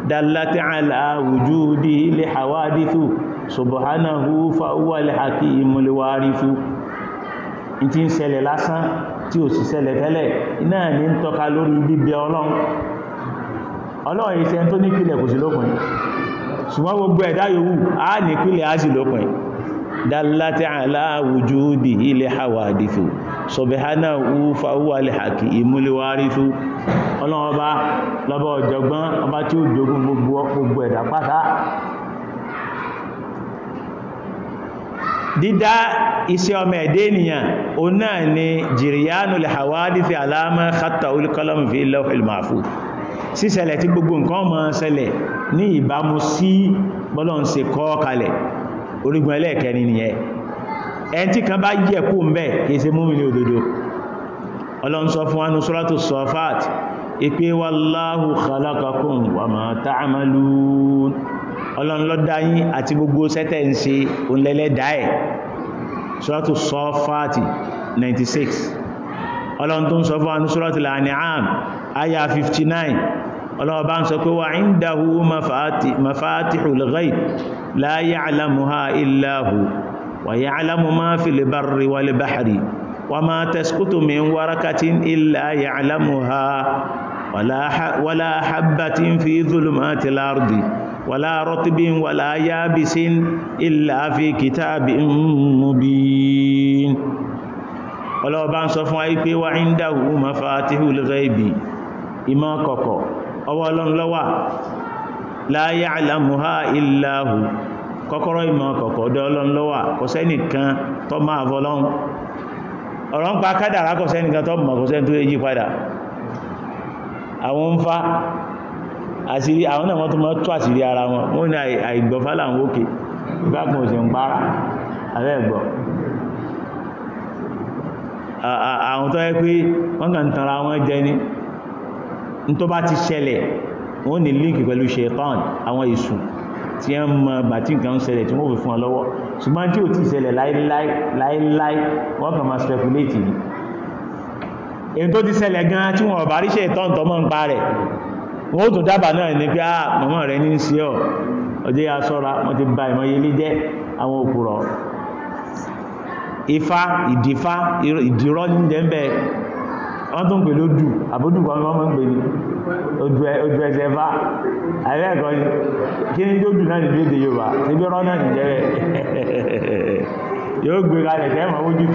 dalati ala wujudi li hawadithu subhanahu fa huwa al hakimul warithu in ti ń ṣẹlẹ̀ lásán tí ò sì ṣẹlẹ̀ tẹ́lẹ̀ iná ní ń tọ́ka lórí bíbẹ ọlọ́run ọlọ́run iṣẹ́ tó nípìlẹ̀ kò sí lópin ṣùgbọ́n gbogbo ẹ̀dá yòówù á nípìlẹ̀ á sì lópin dalati ala wujudi li hawadithu sọ̀bẹ̀hánà wúfà wúwà lè hàkì ìmúlẹ̀wárífú ọlọ́ọba lọ́bà ọ̀jọ̀gbọ́n ọba tí ó jogun gbogbo ẹ̀dà pátá dídá iṣẹ́ ọmọ ẹ̀dẹ́ ènìyàn o náà ni jìrìyànù lè hàwádí fi aláàmà kátà olùkọ́lọ́mù fi lawhil mahfuz síṣẹlẹ̀ tí gbogbo nǹkan mọ́ ṣẹlẹ̀ ẹn tí kan bá yẹ̀ kú mbẹ̀ kìí ṣe múmi ní òdodo ọlọ́run sọ fún wánú suratu sọfàt ìpé wallahu khalaqakum wa ma ta'malun ọlọ́run ló àti gbogbo sẹ́tẹ̀ ń ṣe òǹlẹ́lẹ́dá 96 ọlọ́run ń sọ fún wánú suratul an'am aya 59 ọlọ́run bá ń sọ pé wa indahu mafatihul ghaib la ya'lamuha illa hu wa ya'lamu ma fil barri wal bahri wa ma tasqutu min warakatin illa ya'lamuha wala habbatin fi dhulumatil ardi wala ratbin wala yabisin illa fi kitabin mubin ọlọ́ọ̀bá ń sọ fún wa pé wa indahu mafatihul ghaibi ìmọ̀ kọ̀kọ̀ ọwọ́ ọlọ́run ló wà la ya'lamuha illa hu kọ́kọ́rọ́ ìmọ̀ kọ̀kọ́ ọ̀dọ̀ Ọlọ́run ló wà kò sẹ́nìkan tó máa fọ́ Ọlọ́run ọ̀rọ̀ ń pa kádàrá kò sẹ́nìkan tó mọ̀ kò sẹ́ni tó yí padà àwọn ń fa àṣírí àwọn náà wọ́n tó mọ́ tó àṣírí ara wọn wọ́n ní àìgbọ̀fá làwọn òkè ìbákan òsè ń para àbẹ́ ẹ̀gbọ́ àwọn tó tí a mọ bàtí nǹkan ń ṣẹlẹ̀ tí wọ́n fi fún ọ lọ́wọ́ ṣùgbọ́n tí ò tí ìṣẹlẹ̀ láíláí wọ́n kàn máa speculate ni èyí tó ti ṣẹlẹ̀ gan tí wọ́n bá ríṣẹ́ ìtọ́ntọ́ mọ́ ń pa rẹ̀ wọ́n ó tún dábàá náà ní pé ah mọ̀mọ́ rẹ̀ ní sí ọ ọjọ́ ya sọ́ra wọ́n ti ba ìmọ̀ yelé jẹ́ àwọn òkúrọ̀ ifá ìdífá ìdírọ́ ní jẹ́ wọ́n tún pè lódù kan ni pè ní ẹsẹ̀ ààrẹ ẹ̀kọ́ ni kí ni dódù náà nílé èdè Yorùbá níbi náà nìjẹ́ rẹ̀ yóò gbé tẹ́ mọ̀ ojú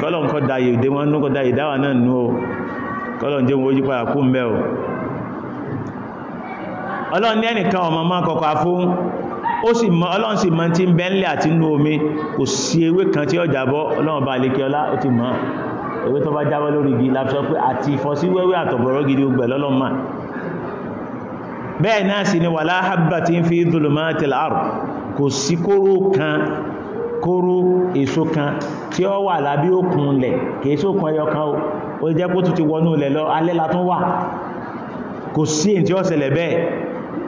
kọ́lọ̀ da yìí wọn yìí dáwà náà kọ́lọ̀ ń jẹ́ wọn ojú padà kú mbẹ́ o Ọlọ́run ní ẹnìkan ọmọ máa ó sì mọ Ọlọ́run sì mọ tí ń bẹ́ńlẹ̀ àti inú omi kò sí ewé kan tí ọjà bọ́ Ọlọ́run bá lè kí ọlá ó ti ewé tó bá jábọ́ lórí igi la sọ pé àti ìfọ́síwẹ́wẹ́ àtọ̀bọ̀rọ̀ gidi gbẹ̀ lọ́lọ́mà bẹ́ẹ̀ náà sì ni wala habbatin fi dhulumatil ard kò sí kóró kan kóró èso kan tí ó wà lábí òkun lẹ̀ kìí sókun ẹyọ kan o ó jẹ́ kó tún ti wọnú ilẹ̀ lọ alẹ́ la tún wà kò sí èyí tí ó ṣẹlẹ̀ bẹ́ẹ̀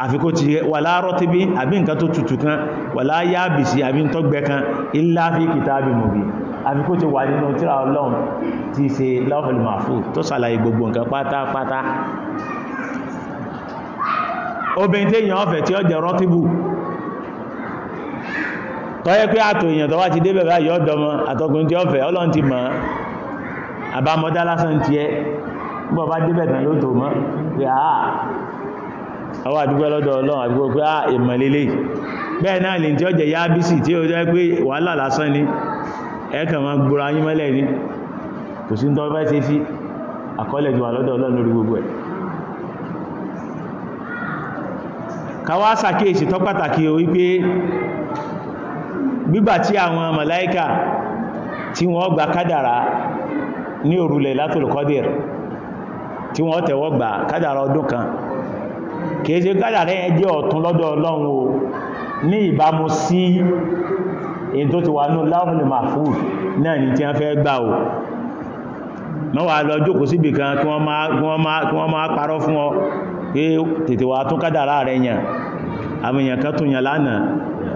àfikó ti wala ratibin àbí nǹkan tó tutù kan wala yabisi àbí ń tọ́gbẹ kan illa fi kitabim mubin àfi kó ti wà nínú tírà ọlọ́run ti ṣe lawhul mahfuz tó ṣàlàyé gbogbo nǹkan pátápátá obìnrin tí èèyàn ọ̀fẹ́ tí ó jẹ́ rọ́tíbù tọ́yẹ́ pé àtò èèyàn tó wá ti débẹ̀ bá yọ́ dọmọ àtọkùnrin tí ọ̀fẹ́ ọlọ́run ti mọ̀ àbámọ́dá lásán ti ẹ́ gbọ́ bá débẹ̀ tán yóò tó mọ́ pé àà àwọn àdúgbò lọ́dọ̀ ọlọ́run àdúgbò pé àà ìmọ̀lélé bẹ́ẹ̀ náà lè tí ó jẹ́ yábísì tí ó jẹ́ pé wàhálà lásán ni ẹ̀kàn máa gbọ́ra yín mọ́lẹ̀ ní kò sí tọ́ fẹ́ ṣe sí àkọọ́lẹ̀ ti wà lọ́dọ̀ ọlọ́run lórí gbogbo o wípé gbígbà tí àwọn tí wọ́n gba kadara ní òrùlẹ̀ látòlùkọ́dìr tí wọ́n tẹ̀wọ́ gba kadara ọdún kan kìí ṣe kádàrá jẹ́ ọ̀tún lọ́dọ̀ ọlọ́run ní èyí tó ti wà ní láwọ́lẹ̀ màfú náà ni tí wọ́n fẹ́ gbà ò wọ́n wà lọ jókòó síbì kan kí wọ́n máa parọ́ fún ọ pé tètè wà tún kádàrá rẹ̀ yàn àwọn èèyàn kan tún yàn lánàá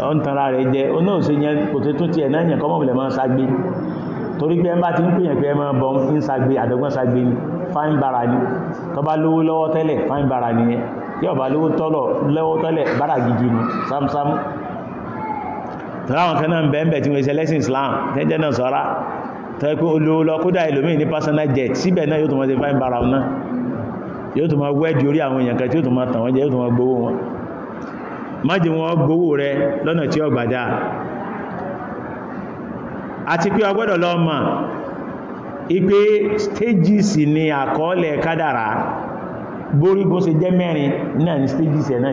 ọ ń tanra rẹ̀ jẹ ó náà ṣe yẹn kò tó tún tiẹ̀ náà yàn kọ́mọ̀bìlẹ̀ máa ságbé torí pé ẹ bá ti ń pèyàn pé ẹ tọ́láwọn kan náà bẹ̀ẹ̀bẹ̀ tí wọ́n iṣẹ́ lẹ́sìn Islam tẹ́jẹ́ náà sọ́rá tọ́ pé kódà ìlòmíì ní personal jet síbẹ̀ náà yóò tó máa ṣe fáìn bara náà yóò tó máa wẹ́ẹ̀dì orí àwọn èèyàn kan tí yóò tó máa tàn wọ́n jẹ yóò tó máa gbowó wọn stages ni àkọọ́lẹ̀ kádàrá bórígbó ṣe jẹ́ mẹ́rin náà ni stages ẹ̀ náà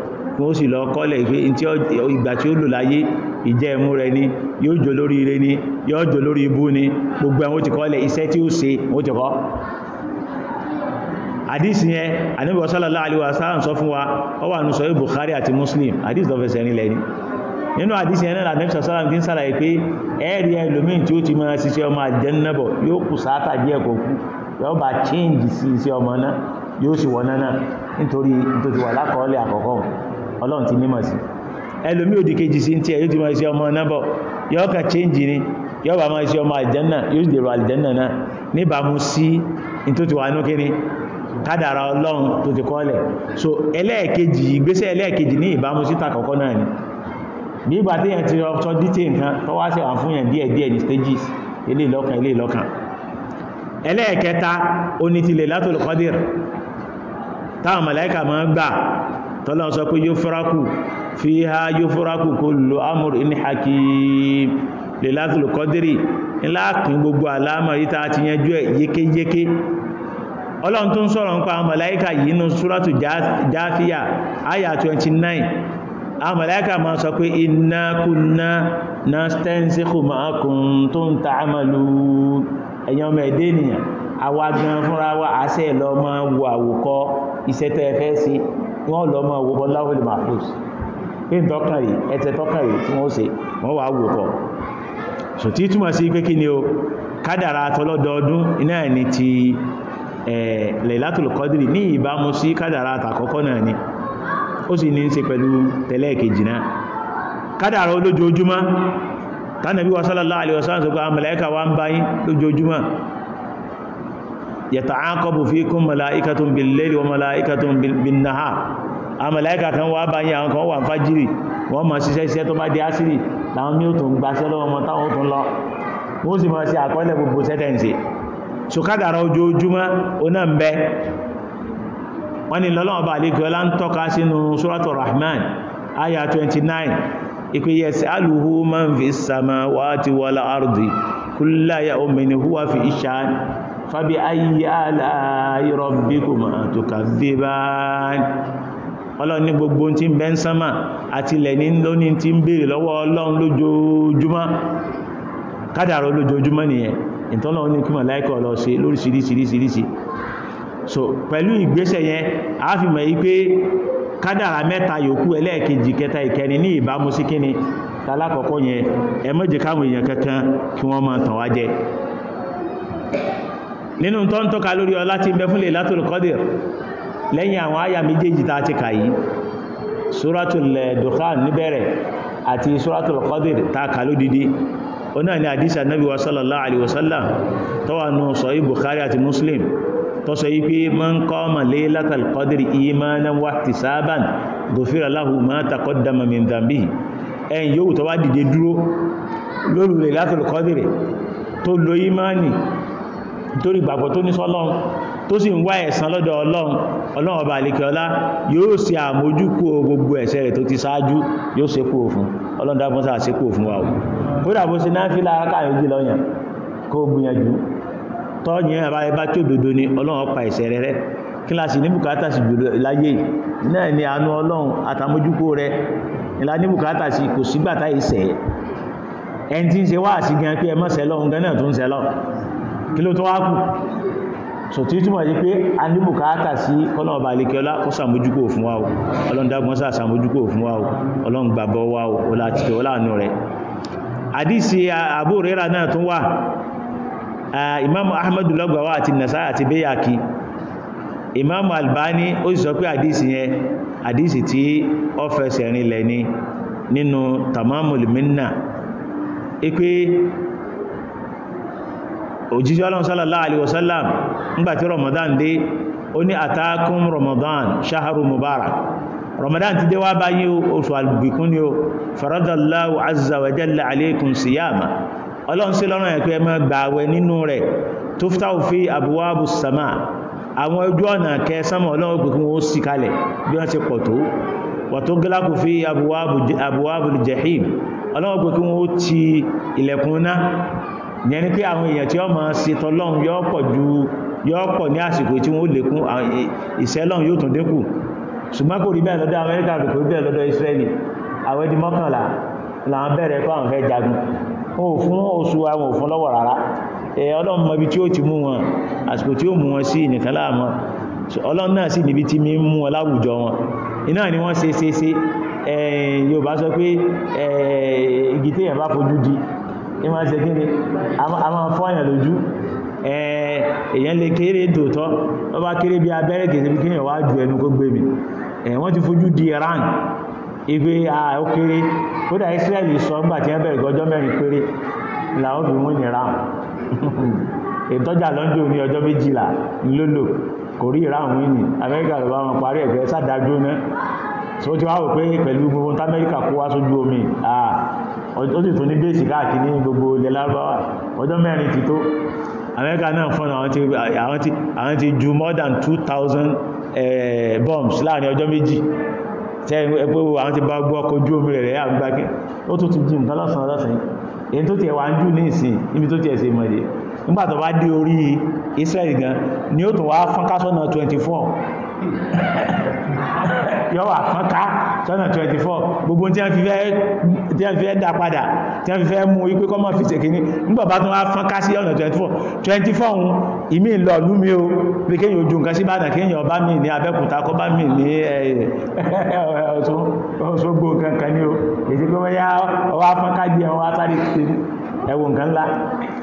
kí ó sì lọ kọ́lẹ̀ pé ìgbà tí ó lò láyé ìjẹ́ ẹmú rẹ ní yóò jò lórí ire ní yóò jò lórí ibú ní gbogbo ẹ̀wọ́n ti kọ́lẹ̀ iṣẹ́ tí ó ṣe ó ti kọ́ àdísì yẹn àníbọ̀ sallallahu alaihi sọ fún wa ó wà nù sọ́yí Bukhari àti Muslim àdísì tó fẹsẹ̀ rí lẹ́ni nínú àdísì yẹn náà àdísì sọ́lá ti ń sàlàyé pé ẹ̀rí ẹlòmíì tí ó ti máa ṣiṣẹ́ change sí iṣẹ́ ọmọ náà yóò sì wọ́n náà nítorí nítorí ọlọ́run ti nímọ̀ sí ẹlòmí òdì kejì sí tí ẹ yóò ti máa ṣe ọmọ náà bọ̀ yóò kà chéǹjì ni yóò bá máa ṣe ọmọ àlìjẹ́nà yóò dèrò àlìjẹ́nà náà níbàámu sí ní tó ti wà nú kéré kádàrà ọlọ́run tó ti kọ́lẹ̀ so ẹlẹ́ẹ̀kejì ìgbésẹ̀ ẹlẹ́ẹ̀kejì ní ìbámu síta kọ̀ọ̀kọ́ náà ni bí ìgbà tí yẹn ti ọ̀tọ́ dítẹ̀ nǹkan tó wá sí wà fún yẹn díẹ̀ díẹ̀ ní stages ilé ìlọ́kan ilé ìlọ́kan ẹlẹ́ẹ̀kẹta onítilẹ̀ látòlùkọ́dìr táwọn màláíkà máa ń gbà tọ́lá sọ pé yóò fúrákù fi ha yóò fúrákù kó lo amúrù ní haki lè látìlù kọ́dírì ńláàkín gbogbo àlámà yíta ti yẹnjú ẹ̀ yékéyéké ọlọ́run tó ń sọ̀rọ̀ nípa àwọn màláíkà yìí nínú súrátù jáfíyà àyà 29 àwọn màláíkà máa sọ pé inna kunna nastansikhu ma kuntum ta'malun ẹ̀yàn gan fúnra wa àṣẹ lọ máa wo àwòkọ́ iṣẹ́ sí wọn lọ ọmọ owó láwọ́lì mahfuz pé ń tọ́kàn rí ẹ̀tẹ̀ tí wọ́n wọ́n wà wò kọ̀ so tí sí ni o kádàrà tọlọ́dọọdún iná ẹ̀ ni ti Lailatul ní ìbámu sí kádàrà àtàkọ́kọ́ náà ni ó sì ní í ṣe pẹ̀lú tẹ́lẹ̀kejì náà kádàrà olójoojúmọ́ tánàbí wa sallallahu alaihi yata'aqabu fikum malaikatun bil layli wa malaikatun bin nahar àwọn màláíkà kan wá bá yín àwọn kan wà fájírì wọ́n máa ṣiṣẹ́ iṣẹ́ tó bá di ásírì láwọn mí ò tó ń gbaṣẹ́ lọ́wọ́ wọn táwọn tó ń lọ wọ́n sì máa ṣe àkọọ́lẹ̀ gbogbo sẹ́tẹ̀ǹsì so kádàrá ojoojúmọ́ oná huwa fi ishan fàbí ayé aláàírọ̀ bí kò mọ̀ tó kà bí báyìí ọlọ́run ní gbogbo tí ń bẹ ń sánmà àti ilẹ̀ ní lóní tí ń bèèrè lọ́wọ́ ọlọ́run lójoojúmọ́ kádàrọ lójoojúmọ́ nìyẹn ìtọ́lọ́run ní kí màláíkà lọ ṣe lóríṣiríṣiríṣiríṣi so pẹ̀lú ìgbésẹ̀ yẹn a fi mọ̀ yí pé kádàrà mẹ́ta yòókù ẹlẹ́ẹ̀kejì kẹta ìkẹrin ní ìbámu sí kíni talákọ̀ọ́kọ́ yẹn ẹ má jẹ́ káwọn èèyàn kankan kí wọ́n máa tàn wá jẹ nínú tó ń tọ́ka lórí ọlá tí ń bẹ fún Laylatul Qadr lẹ́yìn àwọn àyà méjèèjì tá a ti kà yìí Suratul Dukhan níbẹ̀rẹ̀ àti Suratul Qadr tá a kà lódìdí onáà ni àdísì Ànábì wa sallallahu alaihi wasallam tó wà nù Sahih Bukhari àti Muslim tó sọ yìí pé man qama yóò tó wá dìde dúró lórí Laylatul Qadr tó lo ìmánì nítorí ìgbàgbọ́ tó ní sọ́lọ́n tó sì ń wá ẹ̀san lọ́dọ̀ ọlọ́run ọlọ́run ọba àlekè ọlá yóò ṣe àmójúkú gbogbo ẹ̀ṣẹ̀ rẹ̀ tó ti ṣáájú yóò ṣe kúrò fún ọlọ́run dábọ́n sáà ṣe kúrò fún wa o kódà bó ṣe náà fi lára káyọ̀jì lọ́yàn ni ọlọ́run pa ẹ̀ṣẹ̀ rẹ̀ rẹ́ kí láti ní bùkátà sí jùlọ láyé náà ni àánú kí ló tó wá kù so tí túnmọ̀ yí pé a ní bùkátà sí kọ́lọ̀ ọba àlekẹ́ọ́lá kó sàmójúkò fún wa o ọlọ́ndágbọ́n sà sàmójúkò fún wa o ọlọ́ngbàbọ́ wa o ọlá àtìkẹ́ ọláàánú rẹ̀ àdísì Abu Hurairah náà tún wà imamu ahmadu lọ́gbàwà àti nasai àti bayaki imamu albani ó sì sọ pé àdísì yẹn àdísì tí ó fẹsẹ̀ rinlẹ̀ ni nínú tamamul minna ipe òjíṣẹ́ ọlọ́run sallallahu alaihi wasallam nígbàtí ramadan dé ó ní àtàkùn ramadan ṣaharu mubarak ramadan ti dé wá báyí oṣù albikun ni ó faradallahu azza wa jalla alaikum siyama ọlọ́run sí lọ́rọ̀ ẹ̀kọ́ ẹmọ gbàwẹ̀ nínú rẹ̀ tó fi táwò fi àbúwábù sàmà àwọn ojú ọ̀nà kẹsàmọ̀ ọlọ́run gbìkún ó sì ilẹ̀kùn náà ìyẹn ni pé àwọn èèyàn tí ó máa ṣe tọ́lọ́run yọ́ pọ̀ ju yọ́ pọ̀ ní àsìkò tí wọ́n lékún ìṣẹ́lọ́run yóò tún dínkù ṣùgbọ́n kò rí bẹ́ẹ̀ lọ́dọ̀ amẹ́ríkà kò rí bẹ́ẹ̀ lọ́dọ̀ israeli àwọn ẹni mọ́kànlá làwọn bẹ̀rẹ̀ kọ́ àwọn fẹ́ jagun wọn ò fún oṣù àwọn òfin lọ́wọ́ rárá ọlọ́run mọ ibi tí ó ti mú wọn àsìkò tí ó mú wọn sí nìkan láàmọ́ ọlọ́run náà sì níbi tí mi mú wọn láwùjọ wọn iná ni wọ́n ṣe ṣe ṣe Yorùbá sọ pé igi téèyàn bá fojú di ìmá ṣe kí ni a máa fọ́ èyàn lójú èyàn lè kéré tòótọ́ tó bá kéré bí abẹ́rẹ́ kìí síbi kíyàn wá ju ẹnu kó gbé mi wọ́n ti fojú di Iran ìgbé ó kéré kódà Israeli sọ ńgbà tí wọ́n bẹ̀rẹ̀ ọjọ́ mẹ́rin péré làwọn fi wọ́n nìra ìtọ́jà lọ́njọ́ ní ọjọ́ méjìlá lólò kò rí Iran wí ní Amẹ́ríkà ló bá wọn parí ẹ̀gbẹ́ sádàájú náà tí ó ti wá wò pé pẹ̀lú gbogbo Amẹ́ríkà kó wá sójú omi ó sì tún ní gbèsè káàkiri ní gbogbo ilẹ̀ lárúbáwá ọjọ́ mẹ́rin ti tó amẹ́ríkà náà fọ́nà àwọn ti ju more than 2000 eh, bombs láàrin ọjọ́ méjì tẹ́ ẹgbẹ́ àwọn ti bá gbọ́ ọkọ̀ ojú omi rẹ̀ àgbàgbé ó tó ti jí nǹkan lọ́sàn lọ́sàn èyí tó ti ẹ̀wà ń jù ní ìsìn níbi tó ti ẹ̀sẹ̀ ìmọ̀dé nígbà bá dé orí Israel gan ni ó tún wá fọ́nká sọ́nà 24 yọ wà pọ́n sọ́nà 24 gbogbo tí wọ́n fi fẹ́ dá padà tí wọ́n fi fẹ́ mú wípé kọ́mọ̀ fi ṣe kìíní nígbàbá tó wá fọ́n sí ọ̀nà 24 24 ohun ìmí lọ lúmi o pé kéyìn ojú nǹkan sí bàdàn kéyìn ọba mi ní Abẹ́òkúta kọ́ bá mi ní Òṣogbo kankan ní o èsì pé wọ́n yá ọwá fọ́n ká di ẹ̀wọ̀n atari ẹ̀wọ̀n nǹkan ńlá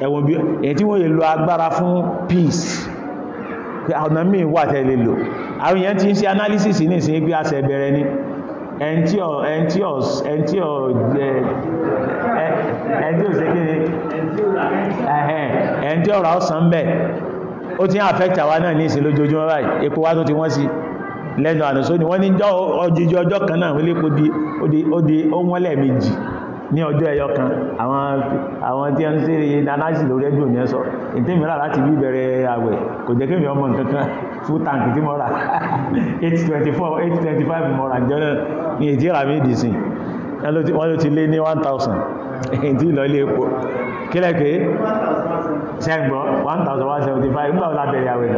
ẹ̀wọ̀n bí èyí tí wọ́n yẹ lo agbára fún peace pé ọ̀nà míì wà tẹ́lẹ̀ lò àwọn èèyàn ti ń ṣe analysis ní ìsìn pé àṣẹ bẹ̀rẹ̀ ni ẹni tí ò ṣe kí ni ẹni tí ọ̀rà ọ̀sán bẹ̀ ó ti ń affect àwa náà ní ìsìn lójoojúmọ́ báyìí epo wá tó ti wọ́n sí lẹ́nu àná sóní wọ́n ní ọjọ́ kan náà wọ́n lépo di ó wọ́n lẹ́ẹ̀mejì ní ọjọ́ ẹyọ kan àwọn tí a ń ṣe analysis lórí rédíò ní ẹsọ ìtẹ́mi rà láti bí bẹ̀rẹ̀ àwẹ̀ kò jẹ́ kémi ọmọ nǹkan kan full tank tí mo 824 825 mo rà jẹ́ náà ní èdè rà mí ìdìsìn wọ́n ló ti lé ní 1000 èyí tí ìlọ ilé epo kílẹ̀kẹ́ sẹ́gbọ́ 1175 nígbà wọ́n lábẹ̀rẹ̀ àwẹ̀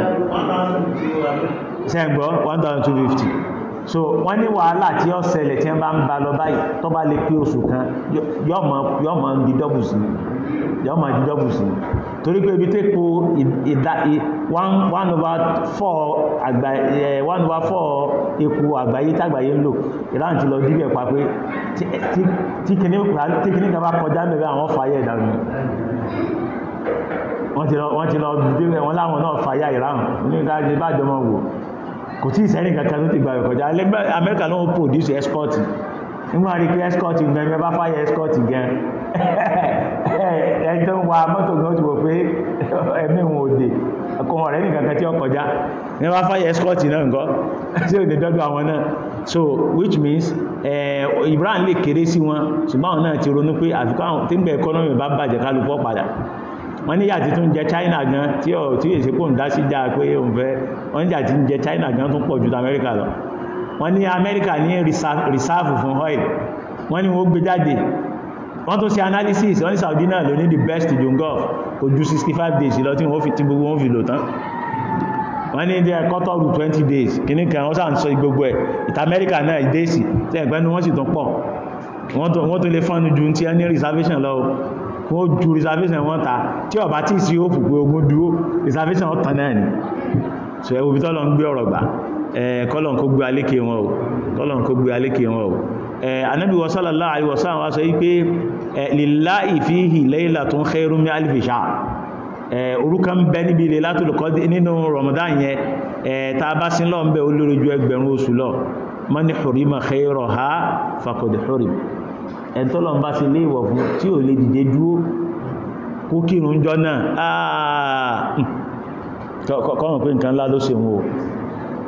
sẹ́gbọ́ 1250 so wọ́n ní wàhálà tí ó ṣẹlẹ̀ tí wọ́n bá ń ba lọ báyìí tó bá lè pé oṣù kan yọ́ mọ̀ di dọ́bù sí yọ́ mọ̀ di dọ́bù sí torí pé ibi tí po ìdá 1 over 4 àgbáyé 1 over 4 epo àgbáyé tàgbáyé ń lò ìran ti lọ díbẹ̀ pa pé tí kìíní kan bá kọjá mẹ́rẹ́ àwọn fàyẹ̀ ìdàrú wọ́n ti lọ díbẹ̀ wọ́n láwọn náà fàyà ìran oníkàájú bá jọmọ wò kò tí ìsẹ́rìn kankan tó ti gbà kọjá amẹ́ríkà ló ń produce escort nígbà rí pé escort gan ẹgbẹ́ bá fáyẹ escort gan ẹni tó ń wa mọ́tò gan ti wò pé ẹ̀mí òun òde ẹ̀kọ́ ọ̀rẹ́ nìkan kan tí ó kọjá ní wọ́n fáyẹ escort náà nǹkan tí ò lè dọ́dọ̀ àwọn náà so which means eh, Ibrahim lè kéré sí wọn ṣùgbọ́n àwọn náà ti ronú pé àfikún àwọn tí ń bẹ ẹkọ́nọ́mì bá bàjẹ́ kálukú padà wọ́n níyà tí tún jẹ China gan tí ọ̀ tí èsì kò ń dá sí dáa pé òun fẹ́ wọ́n níyà tí ń jẹ China gan tún pọ̀ ju Amẹ́ríkà lọ wọ́n ní Amẹ́ríkà ní rìsáàfù fún oil wọ́n ní wọ́n gbé jáde wọ́n tún ṣe analysis wọ́n ní Saudi náà ló ní the best jungoff kò ju 65 days lọ tí wọ́n fi tí gbogbo wọn fi lò tán wọ́n ní ilé ẹ̀kọ́ tọ́rù 20 days kìíní kan wọ́n sàn sọ gbogbo ẹ̀ ìta amẹ́ríkà náà ìdéèsì tí ẹ̀gbẹ́nu wọ́n sì tún pọ̀ wọ́n tún lè fọ́nù ju ti ẹni reservation lọ wọ́n ju reservation wọ́n ta tí ọba tí sí ó fùgbé ogun dúró reservation ọ̀tàn náà ni so ẹwù bí tọ́lọ̀ ń gbé ọ̀rọ̀ gbà kọ́lọ̀ kó gbé alékè wọn o kọ́lọ̀ kó gbé alékè wọn o anábì sallallahu alaihi wasallam wá sọ wípé lillahi fihi laylatun khairun min alfi shahr orúkọ ń bẹ níbi ilẹ̀ Lailatul nínú Ramadan yẹn tá bá sin lọ́ọ̀ ń bẹ olórí ju ẹgbẹ̀rún oṣù lọ man hurima khairaha faqad hurima ẹ̀tọ́lọ̀ bá ṣe lé ìwọ̀ fún tí ò lè dìde dúó kó kírun jọ náà àà ah! kọ́rùn pé nǹkan ńlá ló ṣe wọn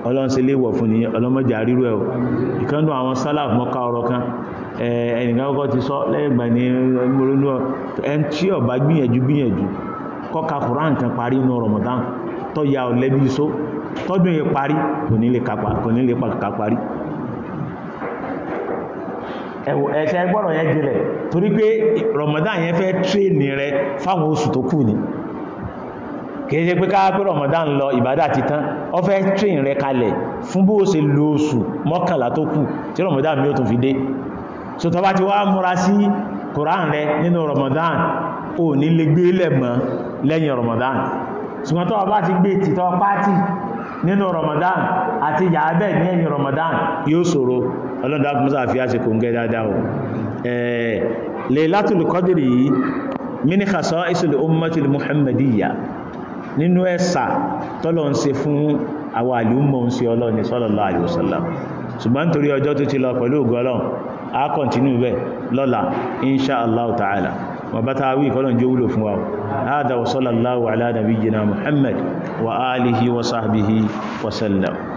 ọlọ́n ṣe lé ìwọ̀ fún ní ọlọ́mọdé àrírò ẹ̀ ìkandù àwọn sálà mọ́ká ọ̀rọ̀ kan ẹnìkan kọ́kọ́ ti sọ lẹ́gbà ní mọ́lónú ẹn tí ó bá gbìyànjú gbìyànjú kọ́ka Kùránì kan parí inú Ramadan tó ya ọ̀lẹ́bí iṣó tọ́dún yẹ parí kò ní lè kà parí ẹ̀ṣẹ́ gbọ́rọ̀ yẹn jìnlẹ̀ torí pé Ramadan yẹn fẹ́ tírèèni rẹ fáwọn oṣù tó kù ni kìí ṣe pé ká pé Ramadan lọ ìbádà ti tán ọ fẹ́ tírèèni rẹ kalẹ̀ fún bó ṣe lo oṣù mọ́kànlá tó kù tí Ramadan mi ò tún fi dé so tó bá ti wá múra sí Quran rẹ nínú Ramadan ò ní lè gbé lẹ̀ mọ́ lẹ́yìn Ramadan ṣùgbọ́n tó bá ti gbé tìtọ́ pátì nínú Ramadan àti yàábẹ̀ ní ẹ̀yìn Ramadan yóò ṣòro ọlọ́dà kúmọ́sá fi á ṣe kò ń gẹ́ dáadáa o Laylatul Qadri yìí min khasa'isil ummatil muhammadiyya nínú ẹ̀sà tọ́lọ̀ ń ṣe fún àwọn àlúmọ̀ ń ṣe ọlọ́ni sallallahu alaihi wasallam ṣùgbọ́n torí ọjọ́ tó ti lọ pẹ̀lú ògọ́lọ́ a kọ̀ntínú bẹ̀ lọ́la inṣáàlá ta'ala وبتاوي كلون جولو فوا هذا وصلى الله على نبينا محمد وآله وصحبه وسلم